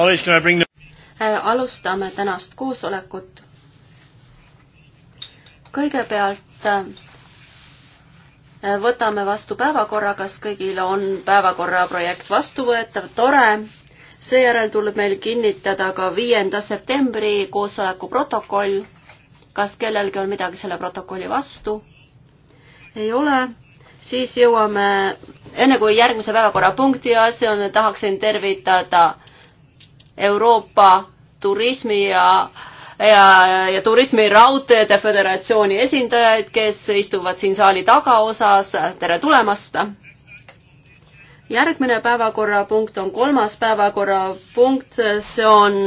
Äh, alustame tänast koosolekut. kõigepealt äh, võtame vastu päevakorra, kas kõigil on päevakorra projekt vastuvõetav, tore. seejärel tuleb meil kinnitada ka viienda septembri koosoleku protokoll. kas kellelgi on midagi selle protokolli vastu? ei ole siis jõuame, enne kui järgmise päevakorrapunkti asjani tahaksin tervitada Euroopa turismi ja ja, ja turismiraudteede föderatsiooni esindajaid, kes istuvad siin saali tagaosas. tere tulemast! järgmine päevakorrapunkt on kolmas päevakorrapunkt, see on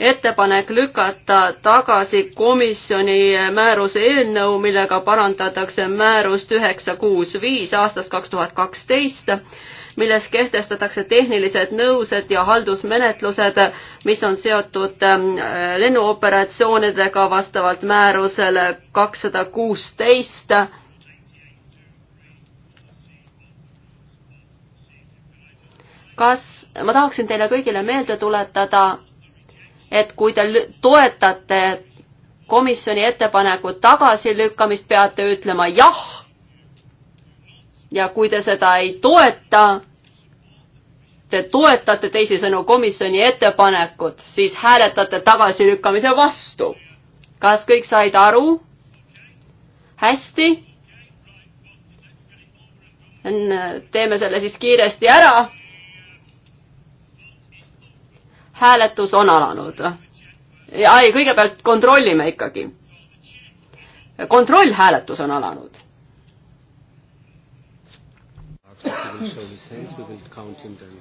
ettepanek lükata tagasi komisjoni määruse eelnõu, millega parandatakse määrust üheksa kuus viis aastast kaks tuhat kaksteist milles kehtestatakse tehnilised nõused ja haldusmenetlused, mis on seotud ähm, lennuoperatsioonidega vastavalt määrusele kakssada kuusteist. kas, ma tahaksin teile kõigile meelde tuletada, et kui te toetate komisjoni ettepaneku tagasilükkamist, peate ütlema jah ja kui te seda ei toeta, te toetate teisisõnu komisjoni ettepanekut, siis hääletate tagasilükkamise vastu. kas kõik said aru? hästi? teeme selle siis kiiresti ära. hääletus on alanud. ei, kõigepealt kontrollime ikkagi. kontrollhääletus on alanud. will show his hands. We will count him then.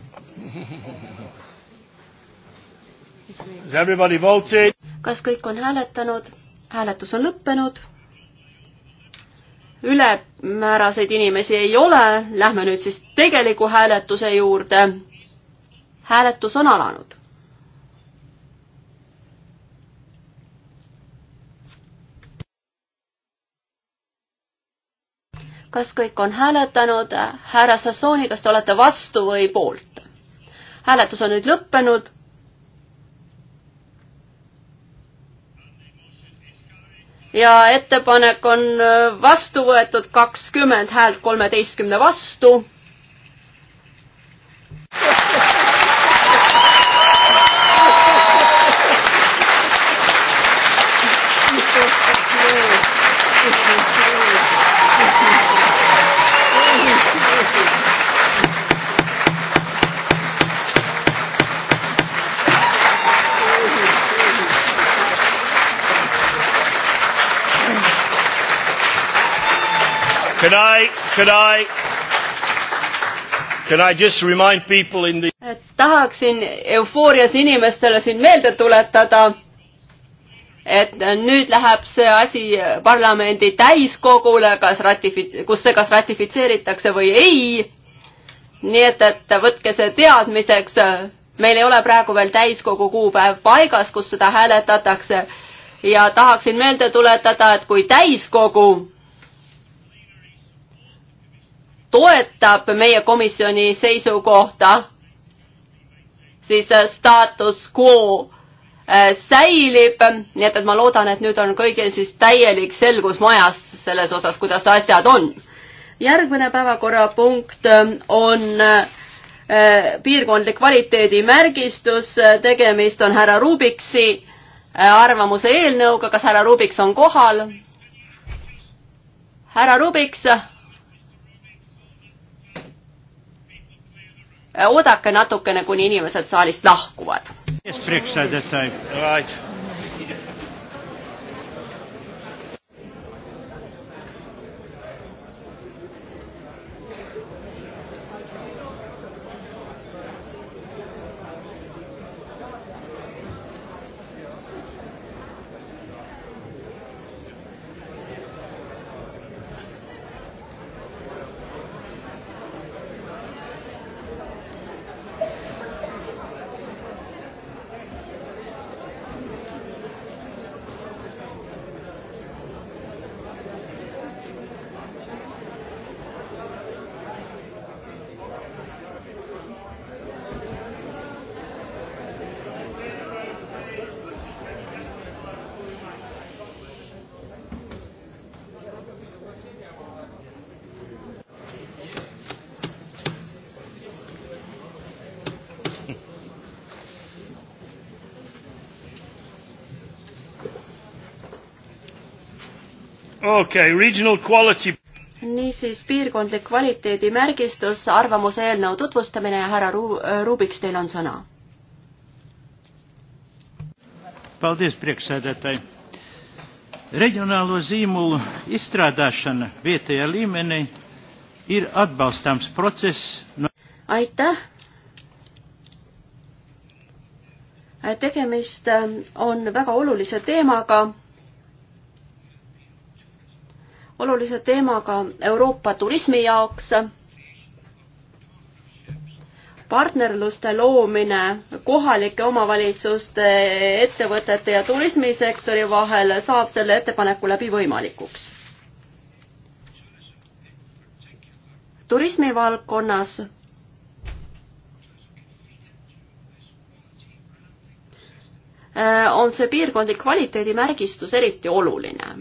kas kõik on hääletanud? hääletus on lõppenud. ülemääraseid inimesi ei ole. Lähme nüüd siis tegeliku hääletuse juurde. hääletus on alanud. kas kõik on hääletanud? härra Sassooni, kas te olete vastu või poolt? hääletus on nüüd lõppenud. ja ettepanek on vastu võetud kakskümmend häält kolmeteistkümne vastu Could I, could I, can I just remind people in the tahaksin eufoorias inimestele siin meelde tuletada, et nüüd läheb see asi parlamendi täiskogule, kas ratifi-, kus see kas ratifitseeritakse või ei. nii et, et võtke see teadmiseks, meil ei ole praegu veel täiskogu kuupäev paigas, kus seda hääletatakse ja tahaksin meelde tuletada, et kui täiskogu toetab meie komisjoni seisukohta, siis äh, staatus quo äh, säilib, nii et, et ma loodan, et nüüd on kõigil siis täielik selgus majas selles osas, kuidas asjad on. järgmine päevakorrapunkt äh, on piirkondlik kvaliteedimärgistus, tegemist on härra Rubiksi arvamuse eelnõuga, kas härra Rubiks on kohal? härra Rubiks, oodake natukene, kuni inimesed saalist lahkuvad. Yes, okay,. niisiis piirkondlik kvaliteedimärgistus, arvamuse eelnõu tutvustamine ja härra Ru-, äh, Rubiks, teil on sõna. Paldies, priekšsēdētāji. Reģionālo zīmolu izstrādāšana vietējā līmenī ir atbalstāms process no.... aitäh tegemist ähm, on väga olulise teemaga olulise teemaga Euroopa turismi jaoks. partnerluste loomine kohalike omavalitsuste, ettevõtete ja turismisektori vahel saab selle ettepaneku läbi võimalikuks. turismivaldkonnas on see piirkondlik kvaliteedimärgistus eriti oluline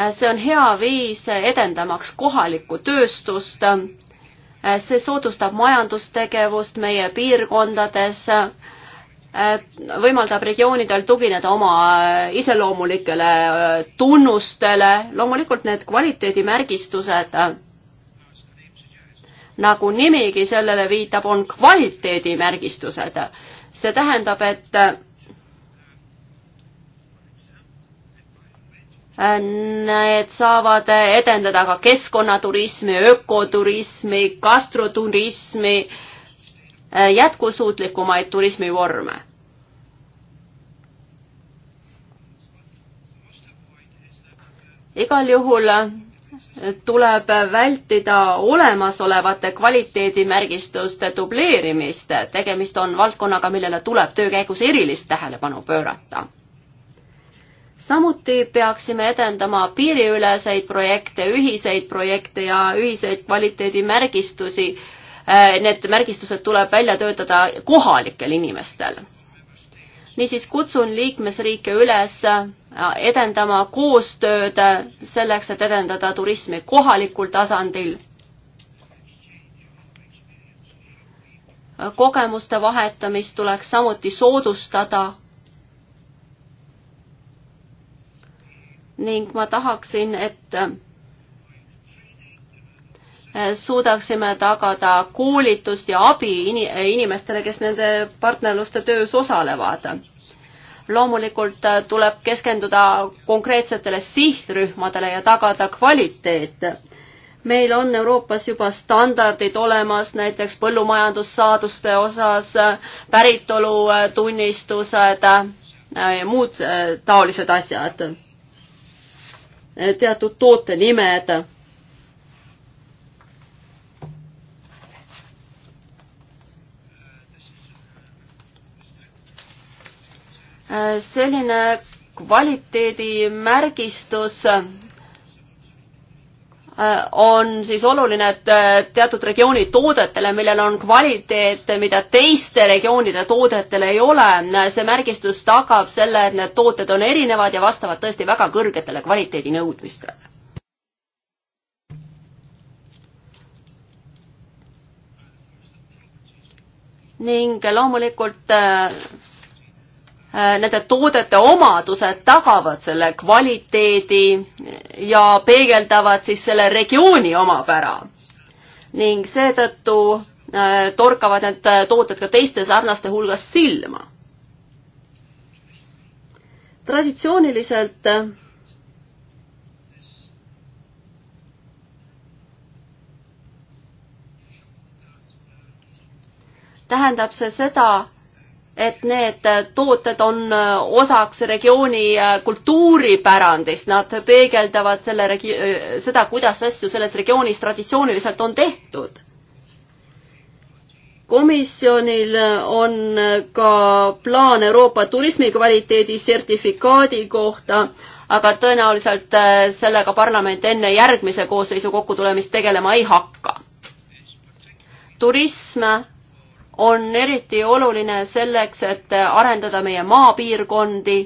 Äh, see on hea viis edendamaks kohalikku tööstust. Äh, see soodustab majandustegevust meie piirkondades, äh, võimaldab regioonidel tugineda oma iseloomulikele tunnustele, loomulikult need kvaliteedimärgistused nagu nimigi sellele viitab, on kvaliteedimärgistused. see tähendab, et Need saavad edendada ka keskkonnaturismi, ökoturismi, gastroturismi, jätkusuutlikumaid turismivorme igal juhul tuleb vältida olemasolevate kvaliteedimärgistuste dubleerimist. tegemist on valdkonnaga, millele tuleb töö käigus erilist tähelepanu pöörata samuti peaksime edendama piiriüleseid projekte, ühiseid projekte ja ühiseid kvaliteedimärgistusi. Eh, need märgistused tuleb välja töötada kohalikel inimestel. niisiis kutsun liikmesriike üles eh, edendama koostööd selleks, et edendada turismi kohalikul tasandil. kogemuste vahetamist tuleks samuti soodustada ning ma tahaksin, et äh, suudaksime tagada koolitust ja abi inimestele, kes nende partnerluste töös osalevad. loomulikult äh, tuleb keskenduda konkreetsetele sihtrühmadele ja tagada kvaliteet meil on Euroopas juba standardid olemas, näiteks põllumajandussaaduste osas, päritolutunnistused, äh, muud taolised asjad teatud toote nimed. selline kvaliteedimärgistus Äh, on siis oluline, et äh, teatud regiooni toodetele, millel on kvaliteet, mida teiste regioonide toodetel ei ole, äh, see märgistus tagab selle, et need tooted on erinevad ja vastavad tõesti väga kõrgetele kvaliteedinõudmistele. ning loomulikult Äh, nende toodete omadused tagavad selle kvaliteedi ja peegeldavad siis selle regiooni omapära. ning seetõttu äh, torkavad need äh, tooted ka teiste sarnaste hulgas silma. traditsiooniliselt tähendab see seda, et need tooted on osaks regiooni äh, kultuuripärandist, nad peegeldavad selle regi-, äh, seda, kuidas asju selles regioonis traditsiooniliselt on tehtud. komisjonil on ka plaan Euroopa turismikvaliteedi sertifikaadi kohta, aga tõenäoliselt äh, sellega parlament enne järgmise koosseisu kokkutulemist tegelema ei hakka. turism on eriti oluline selleks, et arendada meie maapiirkondi.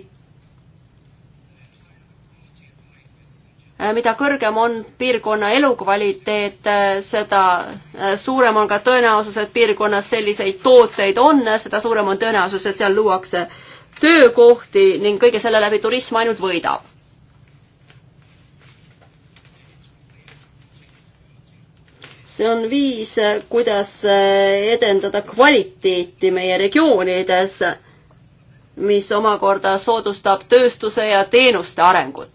mida kõrgem on piirkonna elukvaliteet, seda suurem on ka tõenäosus, et piirkonnas selliseid tooteid on, seda suurem on tõenäosus, et seal luuakse töökohti ning kõige selle läbi turism ainult võidab see on viis, kuidas eh, edendada kvaliteeti meie regioonides, mis omakorda soodustab tööstuse ja teenuste arengut.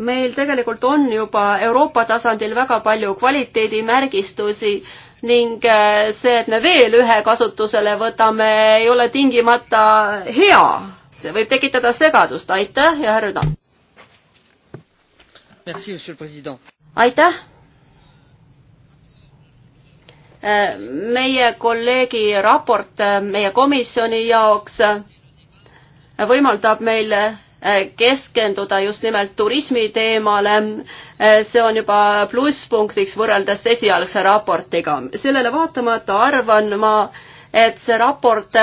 meil tegelikult on juba Euroopa tasandil väga palju kvaliteedimärgistusi, ning äh, see, et me veel ühe kasutusele võtame, ei ole tingimata hea. see võib tekitada segadust. aitäh ja härra Tamm. aitäh. Äh, meie kolleegi raport äh, meie komisjoni jaoks võimaldab meil Äh, keskenduda just nimelt turismi teemale. Äh, see on juba plusspunktiks võrreldes esialgse raportiga. sellele vaatamata arvan ma, et see raport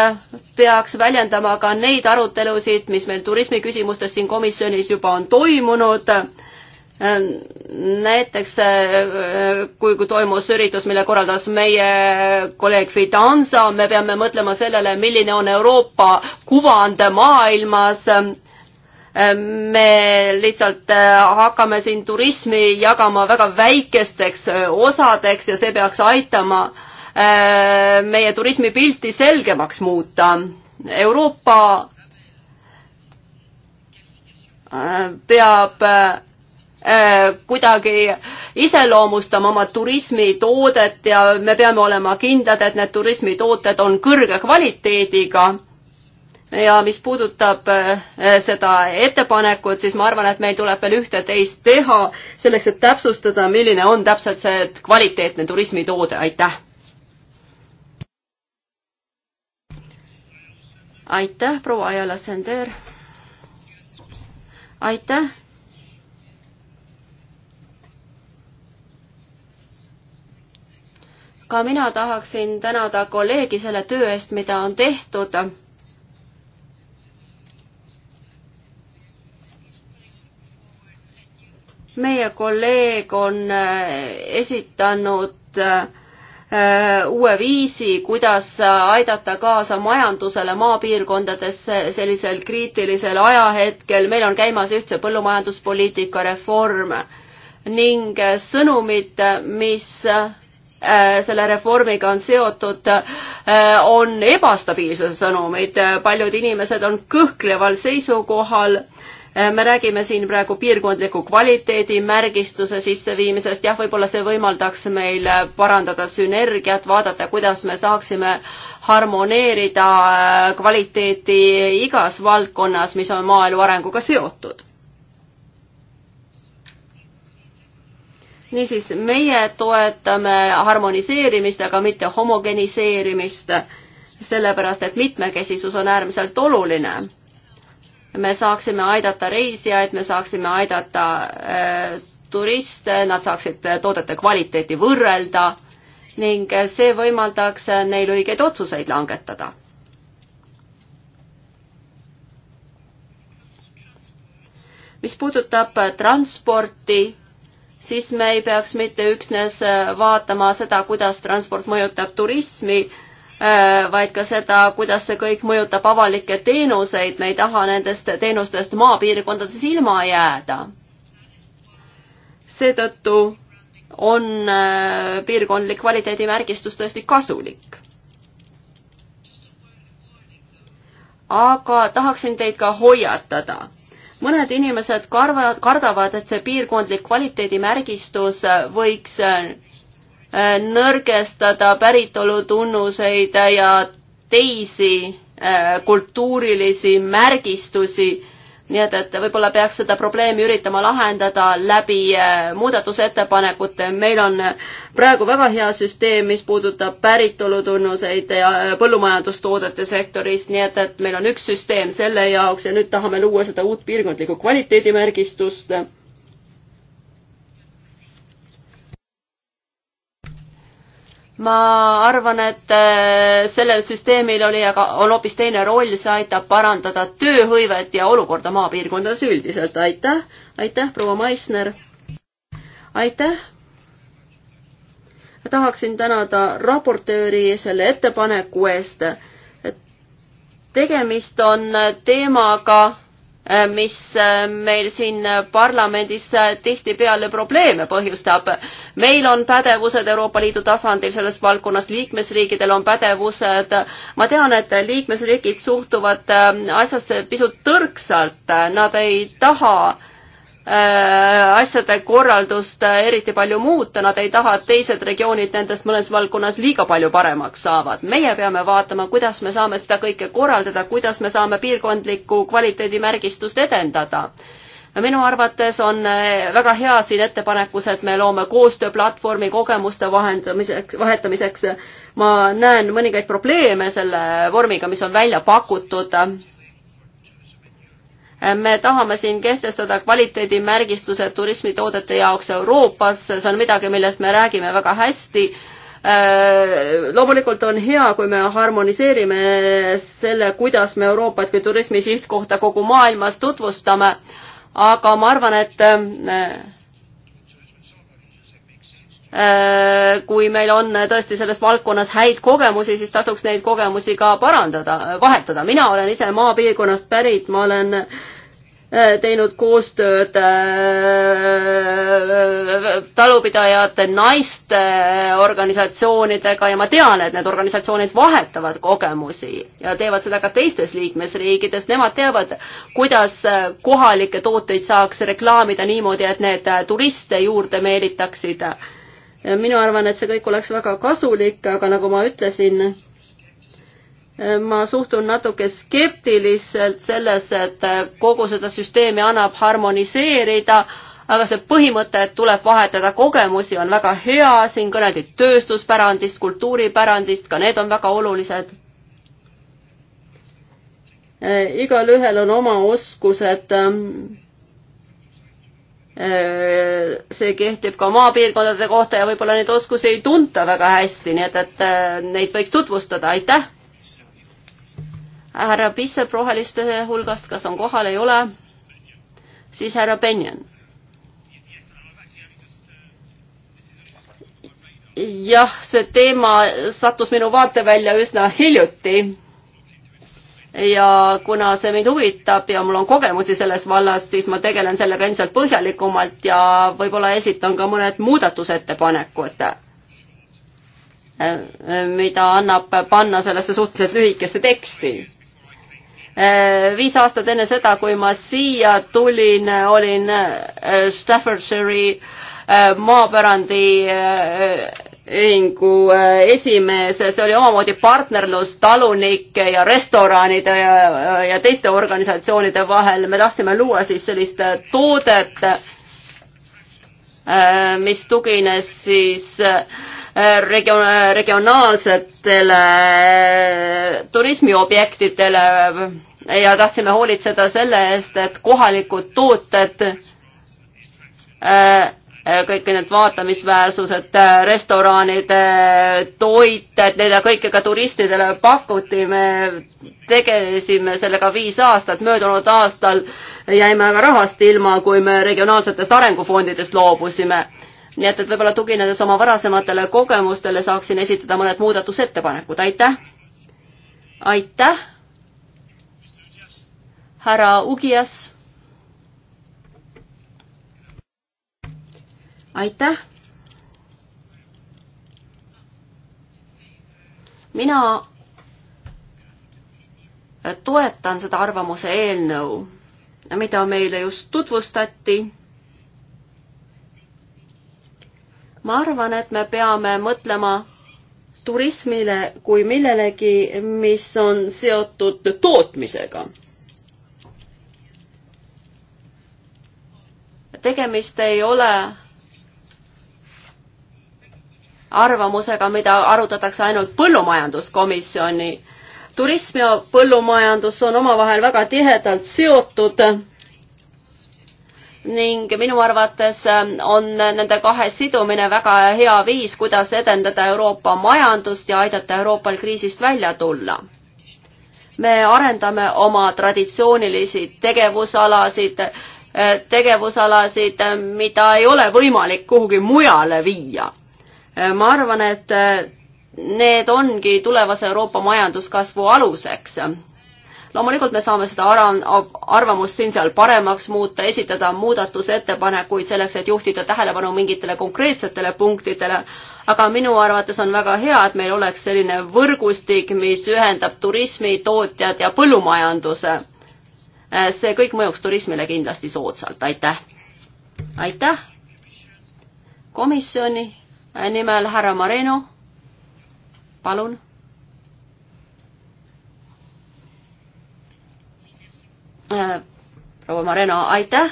peaks väljendama ka neid arutelusid, mis meil turismiküsimustes siin komisjonis juba on toimunud äh, näiteks kui, kui toimus üritus, mille korraldas meie kolleeg Fidanza, me peame mõtlema sellele, milline on Euroopa kuvand maailmas Ehm, me lihtsalt äh, hakkame siin turismi jagama väga väikesteks äh, osadeks ja see peaks aitama äh, meie turismipilti selgemaks muuta. Euroopa peab kuidagi iseloomustama oma turismitoodet ja me peame olema kindlad, et need turismitooted on kõrge kvaliteediga ja mis puudutab eh, seda ettepanekut, siis ma arvan, et meil tuleb veel ühte-teist teha selleks, et täpsustada, milline on täpselt see kvaliteetne turismitoode, aitäh. aitäh, proua Ajala Sender. aitäh. ka mina tahaksin tänada kolleegi selle töö eest, mida on tehtud meie kolleeg on äh, esitanud äh, uue viisi, kuidas aidata kaasa majandusele maapiirkondades sellisel kriitilisel ajahetkel. meil on käimas ühtse põllumajanduspoliitika reform ning sõnumid, mis äh, selle reformiga on seotud, on ebastabiilsuse sõnumid. paljud inimesed on kõhkleval seisukohal Äh, me räägime siin praegu piirkondliku kvaliteedimärgistuse sisseviimisest, jah, võib-olla see võimaldaks meil äh, parandada sünergiat, vaadata, kuidas me saaksime harmoneerida äh, kvaliteeti igas valdkonnas, mis on maaelu arenguga seotud. niisiis, meie toetame harmoniseerimist, aga mitte homogeniseerimist, sellepärast et mitmekesisus on äärmiselt oluline me saaksime aidata reisijaid, me saaksime aidata äh, turiste, nad saaksid toodete kvaliteeti võrrelda ning see võimaldaks neil õigeid otsuseid langetada. mis puudutab transporti, siis me ei peaks mitte üksnes vaatama seda, kuidas transport mõjutab turismi, Äh, vaid ka seda, kuidas see kõik mõjutab avalikke teenuseid, me ei taha nendest teenustest maapiirkondades ilma jääda. seetõttu on äh, piirkondlik kvaliteedimärgistus tõesti kasulik. aga tahaksin teid ka hoiatada. mõned inimesed karvavad, kardavad, et see piirkondlik kvaliteedimärgistus võiks äh, Äh, nõrgestada päritolutunnuseid ja teisi äh, kultuurilisi märgistusi. nii et, et võib-olla peaks seda probleemi üritama lahendada läbi äh, muudatusettepanekute. meil on praegu väga hea süsteem, mis puudutab päritolutunnuseid ja põllumajandustoodete sektorist, nii et, et meil on üks süsteem selle jaoks ja nüüd tahame luua seda uut piirkondlikku kvaliteedimärgistust ma arvan, et äh, sellel süsteemil oli aga, on hoopis teine roll, see aitab parandada tööhõivet ja olukorda maapiirkondades üldiselt. aitäh, aitäh, proua Maisner. aitäh. tahaksin tänada raportööri selle ettepaneku eest. tegemist on teemaga Äh, mis äh, meil siin parlamendis äh, tihtipeale probleeme põhjustab. meil on pädevused Euroopa Liidu tasandil selles valdkonnas, liikmesriikidel on pädevused. ma tean, et liikmesriigid suhtuvad asjasse pisut tõrksalt, nad ei taha Äh, asjade korraldust äh, eriti palju muuta, nad ei taha, et teised regioonid nendest mõnes valdkonnas liiga palju paremaks saavad. meie peame vaatama, kuidas me saame seda kõike korraldada, kuidas me saame piirkondlikku kvaliteedimärgistust edendada. minu arvates on äh, väga hea siin ettepanekus, et me loome koostööplatvormi kogemuste vahendamiseks, vahetamiseks. ma näen mõningaid probleeme selle vormiga, mis on välja pakutud me tahame siin kehtestada kvaliteedimärgistuse turismitoodete jaoks Euroopas, see on midagi, millest me räägime väga hästi. Äh, loomulikult on hea, kui me harmoniseerime selle, kuidas me Euroopat kui turismi sihtkohta kogu maailmas tutvustame, aga ma arvan, et äh, Äh, kui meil on tõesti selles valdkonnas häid kogemusi, siis tasuks neid kogemusi ka parandada, vahetada. mina olen ise maapiirkonnast pärit, ma olen äh, teinud koostööd äh, talupidajate naiste organisatsioonidega ja ma tean, et need organisatsioonid vahetavad kogemusi ja teevad seda ka teistes liikmesriikides. Nemad teavad, kuidas kohalikke tooteid saaks reklaamida niimoodi, et need turiste juurde meelitaksid mina arvan, et see kõik oleks väga kasulik, aga nagu ma ütlesin, ma suhtun natuke skeptiliselt sellesse, et kogu seda süsteemi annab harmoniseerida, aga see põhimõte, et tuleb vahetada kogemusi, on väga hea, siin kõneldi tööstuspärandist, kultuuripärandist, ka need on väga olulised igalühel on oma oskused. Äh, see kehtib ka maapiirkondade kohta ja võib-olla neid oskusi ei tunta väga hästi, nii et, et äh, neid võiks tutvustada, aitäh. härra Pissep roheliste hulgast, kas on kohal, ei ole? siis härra Benjan. jah, see teema sattus minu vaatevälja üsna hiljuti ja kuna see mind huvitab ja mul on kogemusi selles vallas, siis ma tegelen sellega ilmselt põhjalikumalt ja võib-olla esitan ka mõned muudatusettepanekud, eh, mida annab panna sellesse suhteliselt lühikesse teksti eh, viis aastat enne seda, kui ma siia tulin, olin eh, Staffordshire'i maapärandi ühingu äh, esimees, see oli omamoodi partnerlus talunike ja restoranide ja, ja teiste organisatsioonide vahel, me tahtsime luua siis sellist toodet, äh, mis tugines siis äh, region, regionaalsetele turismiobjektidele ja tahtsime hoolitseda selle eest, et kohalikud tooted äh, Äh, kõik need vaatamisväärsused, äh, restoranide äh, toit, et neid kõike ka turistidele pakuti, me tegelesime sellega viis aastat, möödunud aastal jäime aga rahast ilma, kui me regionaalsetest arengufondidest loobusime. nii et, et võib-olla tuginedes oma varasematele kogemustele saaksin esitada mõned muudatusettepanekud, aitäh! aitäh! härra Ugias aitäh! mina toetan seda arvamuse eelnõu, mida meile just tutvustati. ma arvan, et me peame mõtlema turismile kui millelegi, mis on seotud tootmisega. tegemist ei ole arvamusega, mida arutatakse ainult põllumajanduskomisjoni. turism ja põllumajandus on omavahel väga tihedalt seotud ning minu arvates on nende kahe sidumine väga hea viis, kuidas edendada Euroopa majandust ja aidata Euroopal kriisist välja tulla. me arendame oma traditsioonilisi tegevusalasid, tegevusalasid, mida ei ole võimalik kuhugi mujale viia Äh, ma arvan, et äh, need ongi tulevase Euroopa majanduskasvu aluseks. loomulikult me saame seda arvamust siin-seal paremaks muuta, esitada muudatusettepanekuid selleks, et juhtida tähelepanu mingitele konkreetsetele punktidele, aga minu arvates on väga hea, et meil oleks selline võrgustik, mis ühendab turismi, tootjad ja põllumajanduse. Äh, see kõik mõjuks turismile kindlasti soodsalt, aitäh! aitäh komisjoni nimel härra Mareno. palun. Äh, proua Mareno, aitäh.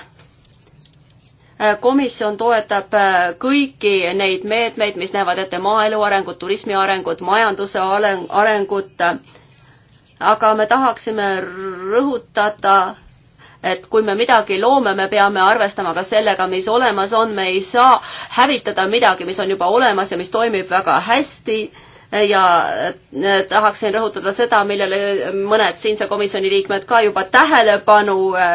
Äh, komisjon toetab äh, kõiki neid meetmeid, mis näevad ette maaelu arengut, turismi arengut, majanduse arengut. aga me tahaksime rõhutada et kui me midagi loome, me peame arvestama ka sellega, mis olemas on, me ei saa hävitada midagi, mis on juba olemas ja mis toimib väga hästi ja e, tahaksin rõhutada seda, millele mõned siinse komisjoni liikmed ka juba tähelepanu e,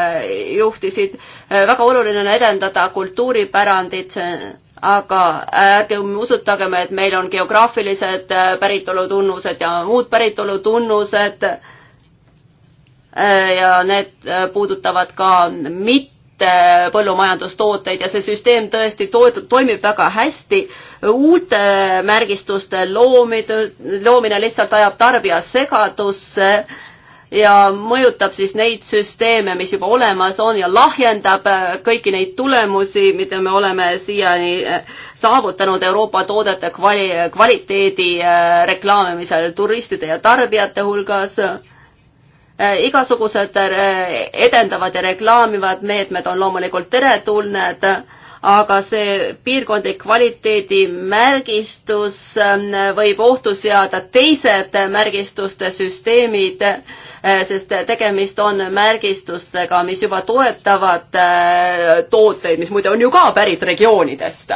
juhtisid. E, väga oluline on edendada kultuuripärandit, aga ärgem usutagem, et meil on geograafilised päritolutunnused ja muud päritolutunnused Äh, ja need äh, puudutavad ka mitte põllumajandustooteid ja see süsteem tõesti to toimib väga hästi. uute märgistuste loomid, loomine lihtsalt ajab tarbija segadusse ja mõjutab siis neid süsteeme, mis juba olemas on ja lahjendab äh, kõiki neid tulemusi, mida me oleme siiani saavutanud Euroopa toodete kvali-, kvaliteedi reklaamimisel turistide ja tarbijate hulgas Äh, igasugused äh, edendavad ja reklaamivad meetmed on loomulikult teretulnud, aga see piirkondlik kvaliteedimärgistus ähm, võib ohtu seada teised märgistuste süsteemid, äh, sest tegemist on märgistustega, mis juba toetavad tooteid, mis muide on ju ka pärit regioonidest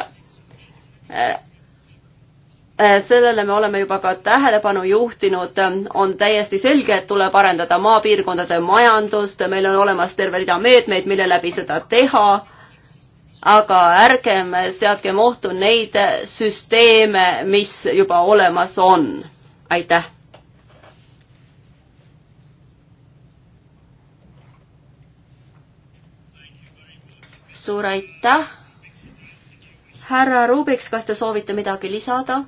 Äh, sellele me oleme juba ka tähelepanu juhtinud, on täiesti selge, et tuleb arendada maapiirkondade majandust, meil on olemas terve rida meetmeid, mille läbi seda teha, aga ärgem seadkem ohtu neid süsteeme, mis juba olemas on. aitäh! suur aitäh! härra Rubiks, kas te soovite midagi lisada?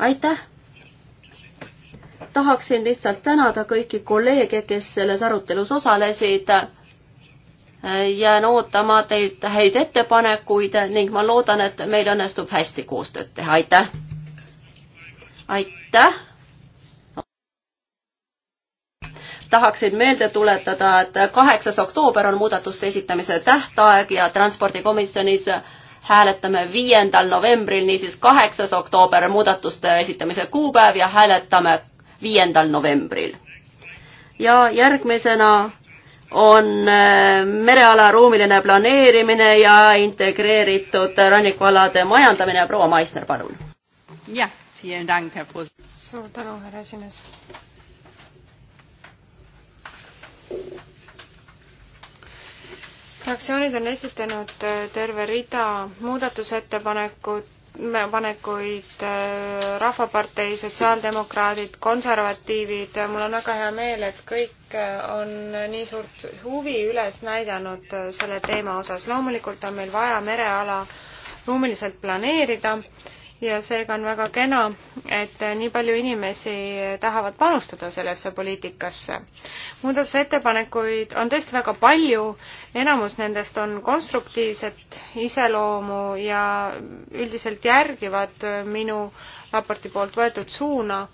aitäh! tahaksin lihtsalt tänada kõiki kolleege, kes selles arutelus osalesid. jään ootama teilt häid ettepanekuid ning ma loodan, et meil õnnestub hästi koostööd teha, aitäh! aitäh! tahaksin meelde tuletada, et kaheksas oktoober on muudatuste esitamise tähtaeg ja transpordikomisjonis hääletame viiendal novembril, niisiis kaheksas oktoober muudatuste esitamise kuupäev ja hääletame viiendal novembril. ja järgmisena on äh, mereala ruumiline planeerimine ja integreeritud rannikualade majandamine. proua Maisner, palun. jah, suur tänu, härra esimees fraktsioonid on esitanud äh, terve rida muudatusettepanekut, panekuid äh, Rahvapartei, Sotsiaaldemokraadid, konservatiivid, mul on väga hea meel, et kõik äh, on nii suurt huvi üles näidanud selle teema osas. loomulikult on meil vaja mereala ruumiliselt planeerida ja seega on väga kena, et nii palju inimesi tahavad panustada sellesse poliitikasse. muudatusettepanekuid on tõesti väga palju, enamus nendest on konstruktiivset iseloomu ja üldiselt järgivad minu raporti poolt võetud suuna,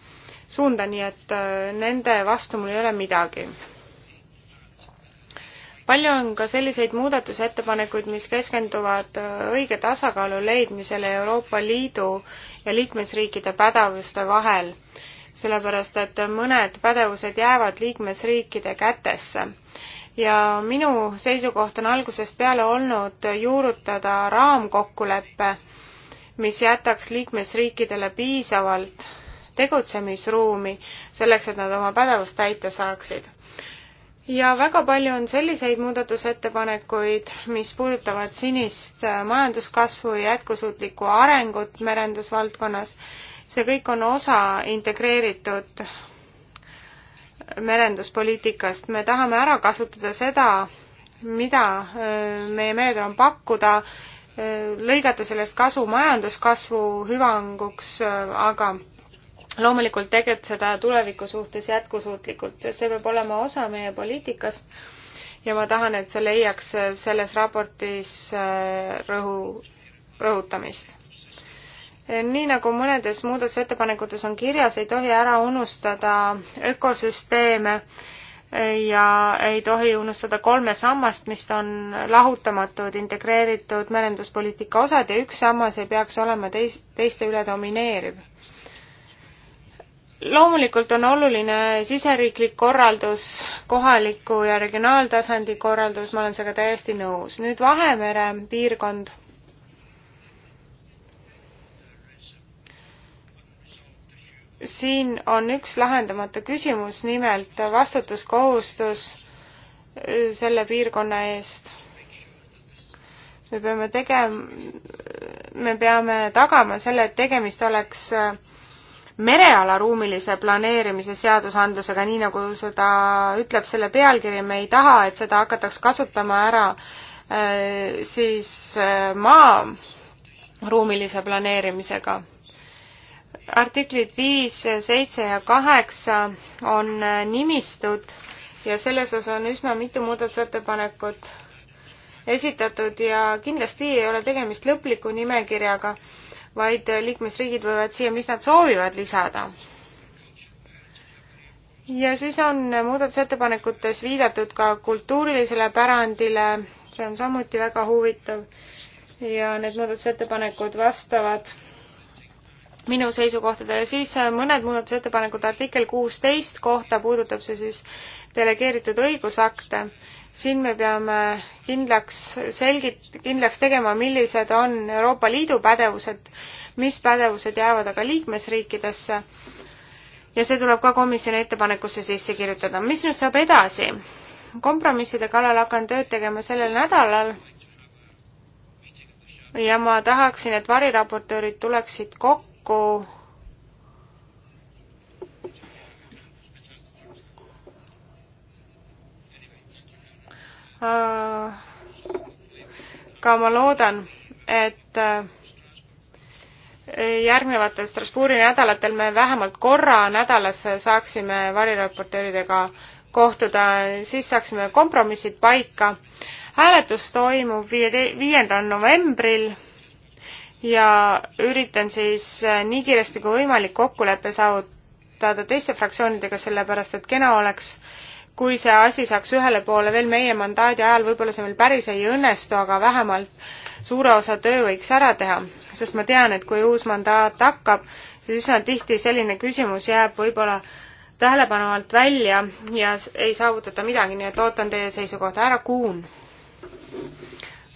suunda, nii et äh, nende vastu mul ei ole midagi palju on ka selliseid muudatusettepanekuid, mis keskenduvad äh, õige tasakaalu leidmisele Euroopa Liidu ja liikmesriikide pädevuste vahel, sellepärast et mõned pädevused jäävad liikmesriikide kätesse. ja minu seisukoht on algusest peale olnud juurutada raamkokkulepe, mis jätaks liikmesriikidele piisavalt tegutsemisruumi selleks, et nad oma pädevust täita saaksid ja väga palju on selliseid muudatusettepanekuid, mis puudutavad sinist äh, majanduskasvu ja jätkusuutlikku arengut merendusvaldkonnas. see kõik on osa integreeritud merenduspoliitikast. me tahame ära kasutada seda, mida äh, meie meredel on pakkuda, äh, lõigata sellest kasu majanduskasvu hüvanguks, aga loomulikult tegutseda tuleviku suhtes jätkusuutlikult, see peab olema osa meie poliitikast ja ma tahan, et see leiaks selles raportis äh, rõhu, rõhutamist. nii nagu mõnedes muudatusettepanekutes on kirjas, ei tohi ära unustada ökosüsteeme ja ei tohi unustada kolme sammast, mis on lahutamatud integreeritud merenduspoliitika osad ja üks sammas ei peaks olema teis-, teiste üle domineeriv loomulikult on oluline siseriiklik korraldus, kohaliku ja regionaaltasandi korraldus, ma olen sellega täiesti nõus. nüüd Vahemere piirkond. siin on üks lahendamata küsimus, nimelt vastutuskohustus äh, selle piirkonna eest. me peame tegema, me peame tagama selle, et tegemist oleks äh, mereala ruumilise planeerimise seadusandlusega, nii nagu seda ütleb selle pealkiri, me ei taha, et seda hakataks kasutama ära äh, siis äh, maa ruumilise planeerimisega. artiklid viis, seitse ja kaheksa on äh, nimistud ja selles osas on üsna mitu muudatusettepanekut esitatud ja kindlasti ei ole tegemist lõpliku nimekirjaga vaid liikmesriigid võivad siia, mis nad soovivad lisada. ja siis on muudatusettepanekutes viidatud ka kultuurilisele pärandile, see on samuti väga huvitav ja need muudatusettepanekud vastavad minu seisukohtadele, siis mõned muudatusettepanekud artikkel kuusteist kohta puudutab see siis delegeeritud õigusakte siin me peame kindlaks selgit-, kindlaks tegema, millised on Euroopa Liidu pädevused, mis pädevused jäävad aga liikmesriikidesse ja see tuleb ka komisjoni ettepanekusse sisse kirjutada. mis nüüd saab edasi? kompromisside kallal hakkan tööd tegema sellel nädalal ja ma tahaksin, et variraportöörid tuleksid kokku Äh, ka ma loodan, et äh, järgnevatel Strasbourgi nädalatel me vähemalt korra nädalas saaksime variraportööridega kohtuda, siis saaksime kompromissid paika. hääletus toimub viie, viiendal novembril ja üritan siis äh, nii kiiresti kui võimalik kokkuleppe saavutada teiste fraktsioonidega, sellepärast et kena oleks äh, kui see asi saaks ühele poole veel meie mandaadi ajal, võib-olla see meil päris ei õnnestu, aga vähemalt suure osa töö võiks ära teha, sest ma tean, et kui uus mandaat hakkab, siis üsna tihti selline küsimus jääb võib-olla tähelepanu alt välja ja ei saavutata midagi, nii et ootan teie seisukohta. härra Kuun.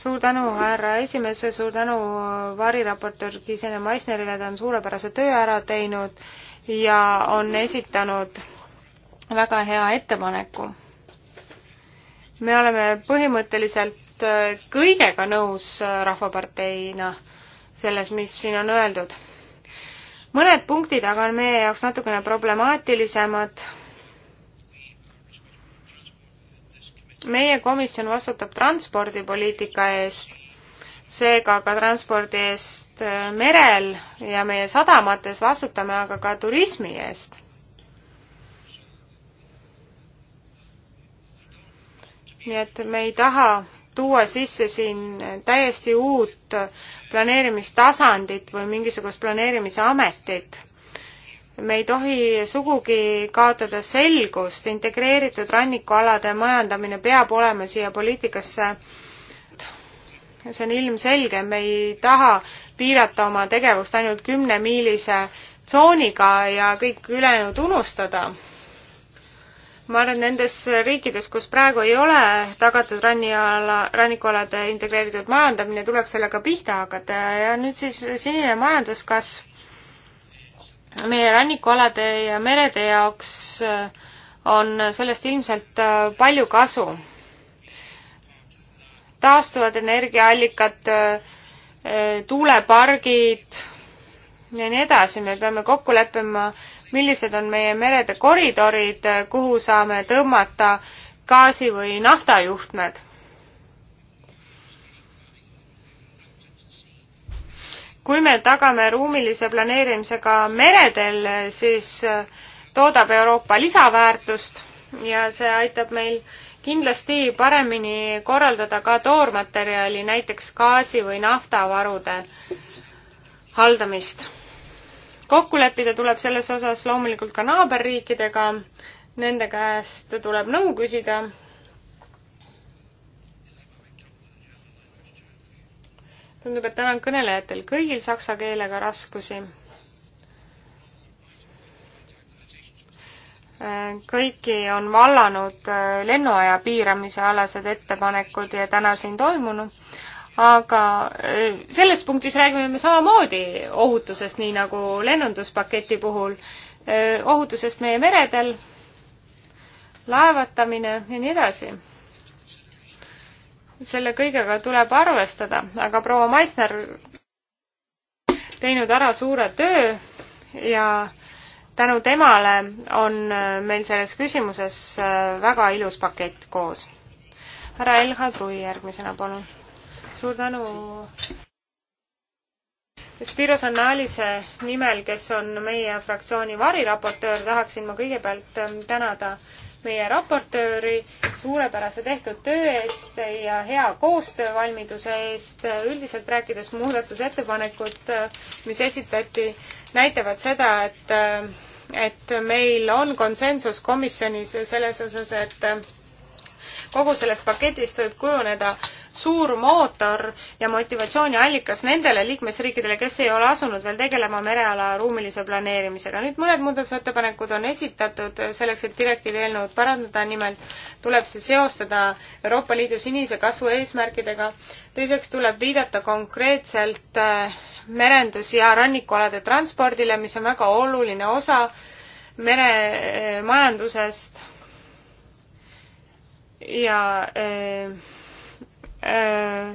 suur tänu, härra esimees, suur tänu variraportöör Gisele Maisnerile, ta on suurepärase töö ära teinud ja on esitanud väga hea ettepaneku. me oleme põhimõtteliselt äh, kõigega nõus äh, Rahvaparteina selles, mis siin on öeldud. mõned punktid aga on meie jaoks natukene problemaatilisemad. meie komisjon vastutab transpordipoliitika eest, seega ka transpordi eest äh, merel ja meie sadamates vastutame aga ka turismi eest nii et me ei taha tuua sisse siin täiesti uut planeerimistasandit või mingisugust planeerimisametit. me ei tohi sugugi kaotada selgust, integreeritud rannikualade majandamine peab olema siia poliitikasse see on ilmselge, me ei taha piirata oma tegevust ainult kümnemiilise tsooniga ja kõik ülejäänud unustada ma arvan, nendes riikides, kus praegu ei ole tagatud ranniala, rannikualade integreeritud majandamine, tuleb sellega pihta hakata ja nüüd siis senine majanduskasv meie rannikualade ja merede jaoks äh, on sellest ilmselt äh, palju kasu. taastuvad energiaallikad, äh, tuulepargid ja nii edasi, me peame kokku leppima millised on meie merede koridorid, kuhu saame tõmmata gaasi või naftajuhtmed. kui me tagame ruumilise planeerimisega meredel, siis äh, toodab Euroopa lisaväärtust ja see aitab meil kindlasti paremini korraldada ka toormaterjali, näiteks gaasi või naftavarude haldamist kokku leppida tuleb selles osas loomulikult ka naaberriikidega, nende käest tuleb nõu küsida. tundub, et täna on kõnelejatel kõigil saksa keelega raskusi. kõiki on vallanud äh, lennuaja piiramise alased ettepanekud ja täna siin toimunud aga äh, selles punktis räägime me samamoodi ohutusest, nii nagu lennunduspaketi puhul, äh, ohutusest meie meredel, laevatamine ja nii edasi. selle kõigega tuleb arvestada, aga proua Maisner teinud ära suure töö ja tänu temale on äh, meil selles küsimuses väga ilus pakett koos. härra Elhad Rui järgmisena, palun suur tänu Spiros Annalise nimel, kes on meie fraktsiooni variraportöör, tahaksin ma kõigepealt ähm, tänada meie raportööri suurepärase tehtud töö eest ja hea koostöövalmiduse eest. üldiselt rääkides muudatusettepanekud, äh, mis esitati, näitavad seda, et, äh, et meil on konsensus komisjonis selles osas, et äh, kogu sellest paketist võib kujuneda äh, suur mootor ja motivatsiooniallikas nendele liikmesriikidele, kes ei ole asunud veel tegelema mereala ruumilise planeerimisega. nüüd mõned muudatusettepanekud on esitatud selleks, et direktiivi eelnõud parandada, nimelt tuleb see seostada Euroopa Liidu sinise kasvu eesmärkidega, teiseks tuleb viidata konkreetselt äh, merendus- ja rannikualade transpordile, mis on väga oluline osa meremajandusest äh, ja öö, äh, Äh,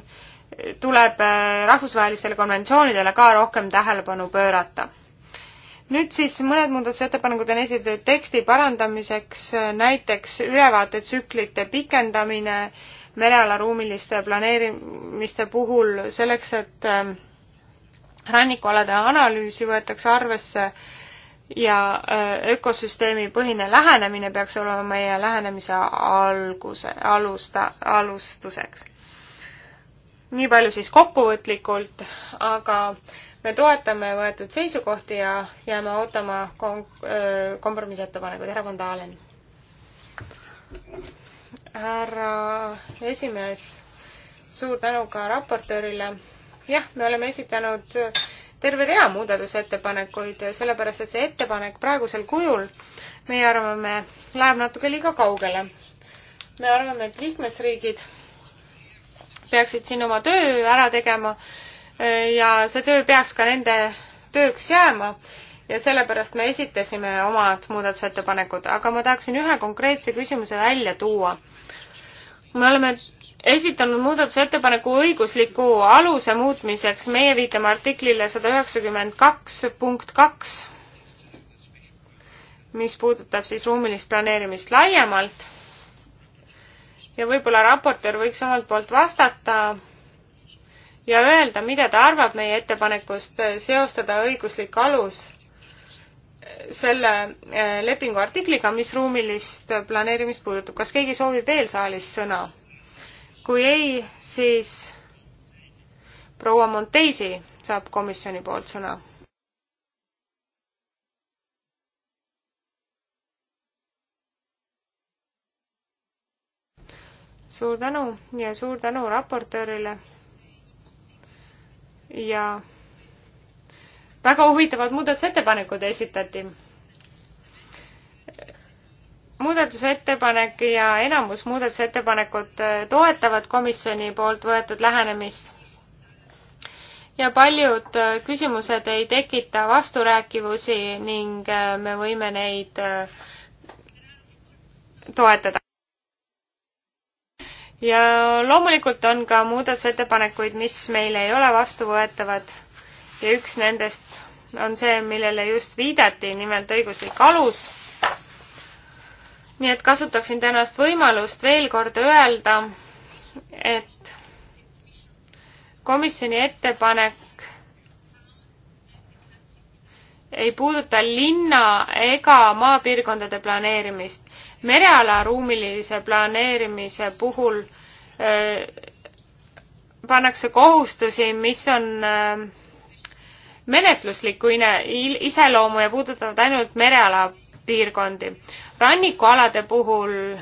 tuleb äh, rahvusvahelistele konventsioonidele ka rohkem tähelepanu pöörata. nüüd siis mõned muudatusettepanekud on esitatud teksti parandamiseks, äh, näiteks ülevaatetsüklite pikendamine mereala ruumiliste planeerimiste puhul selleks, et rannikualade analüüsi võetakse arvesse ja ökosüsteemi põhine lähenemine peaks olema meie lähenemise alguse, alusta, alustuseks nii palju siis kokkuvõtlikult, aga me toetame võetud seisukohti ja jääme ootama kon-, kompromissettepanekuid. härra von Dahlen. härra esimees, suur tänu ka raportöörile. jah, me oleme esitanud terve rea muudatusettepanekuid, sellepärast et see ettepanek praegusel kujul, meie arvame, läheb natuke liiga kaugele. me arvame, et liikmesriigid peaksid siin oma töö ära tegema eh, ja see töö peaks ka nende tööks jääma ja sellepärast me esitasime omad muudatusettepanekud, aga ma tahaksin ühe konkreetse küsimuse välja tuua. me oleme esitanud muudatusettepaneku õigusliku aluse muutmiseks, meie viitame artiklile sada üheksakümmend kaks punkt kaks, mis puudutab siis ruumilist planeerimist laiemalt ja võib-olla raportöör võiks omalt poolt vastata ja öelda, mida ta arvab meie ettepanekust seostada õiguslik alus selle eh, lepingu artikliga, mis ruumilist planeerimist puudutab. kas keegi soovib veel saalis sõna? kui ei, siis proua Monteisi saab komisjoni poolt sõna suur tänu ja suur tänu raportöörile ja väga huvitavad muudatusettepanekud esitati. muudatusettepanek ja enamus muudatusettepanekud toetavad komisjoni poolt võetud lähenemist. ja paljud küsimused ei tekita vasturääkivusi ning me võime neid toetada ja loomulikult on ka muudatusettepanekuid, mis meile ei ole vastuvõetavad ja üks nendest on see, millele just viidati, nimelt õiguslik alus. nii et kasutaksin tänast võimalust veel kord öelda, et komisjoni ettepanek ei puuduta linna ega maapiirkondade planeerimist. mereala ruumilise planeerimise puhul öö, pannakse kohustusi, mis on öö, menetlusliku ine, iseloomu ja puudutavad ainult mereala piirkondi. rannikualade puhul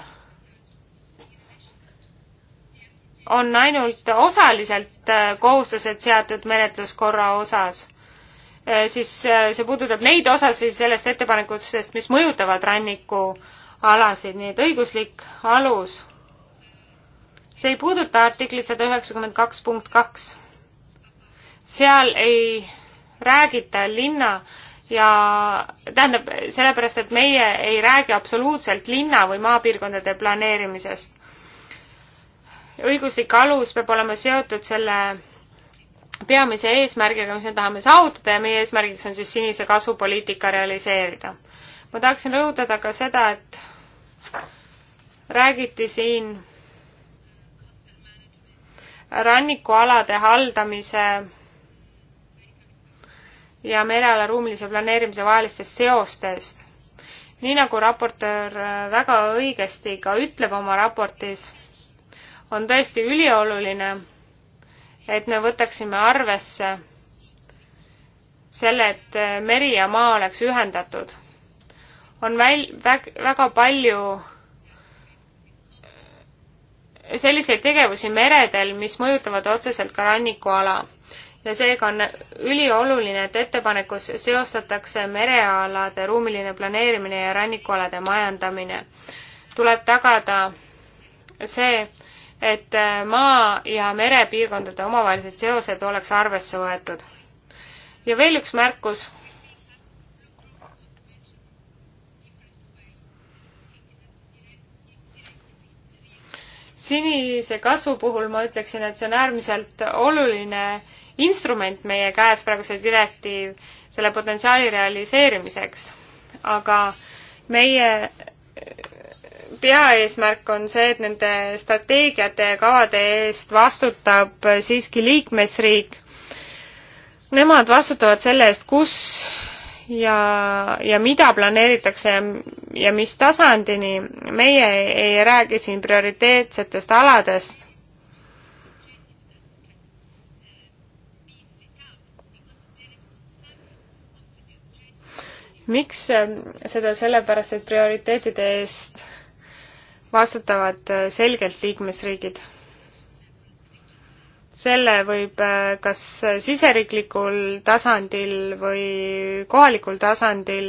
on ainult osaliselt kohustused seatud menetluskorra osas Eh, siis eh, see puudutab neid osasid sellest ettepanekutest, mis mõjutavad rannikualasid, nii et õiguslik alus. see ei puuduta artiklit sada üheksakümmend kaks punkt kaks. seal ei räägita linna ja tähendab, sellepärast, et meie ei räägi absoluutselt linna või maapiirkondade planeerimisest. õiguslik alus peab olema seotud selle peamise eesmärgiga, mis me tahame saavutada ja meie eesmärgiks on siis sinise kasvupoliitika realiseerida. ma tahaksin rõhutada ka seda, et räägiti siin rannikualade haldamise ja mereala ruumilise planeerimise vahelistest seostest. nii nagu raportöör väga õigesti ka ütleb oma raportis, on tõesti ülioluline et me võtaksime arvesse selle, et meri ja maa oleks ühendatud. on väl-, väg-, väga palju selliseid tegevusi meredel, mis mõjutavad otseselt ka rannikuala ja seega on ülioluline, et ettepanekus seostatakse merealade ruumiline planeerimine ja rannikualade majandamine. tuleb tagada see, et äh, maa- ja merepiirkondade omavahelised seosed oleks arvesse võetud. ja veel üks märkus. sinise kasvu puhul ma ütleksin, et see on äärmiselt oluline instrument meie käes, praegu see direktiiv, selle potentsiaali realiseerimiseks. aga meie peaeesmärk on see, et nende strateegiate ja kavade eest vastutab siiski liikmesriik. Nemad vastutavad selle eest, kus ja, ja mida planeeritakse ja, ja mis tasandini. meie ei, ei räägi siin prioriteetsetest aladest miks äh, seda sellepärast, et prioriteetide eest vastutavad äh, selgelt liikmesriigid. selle võib äh, kas siseriiklikul tasandil või kohalikul tasandil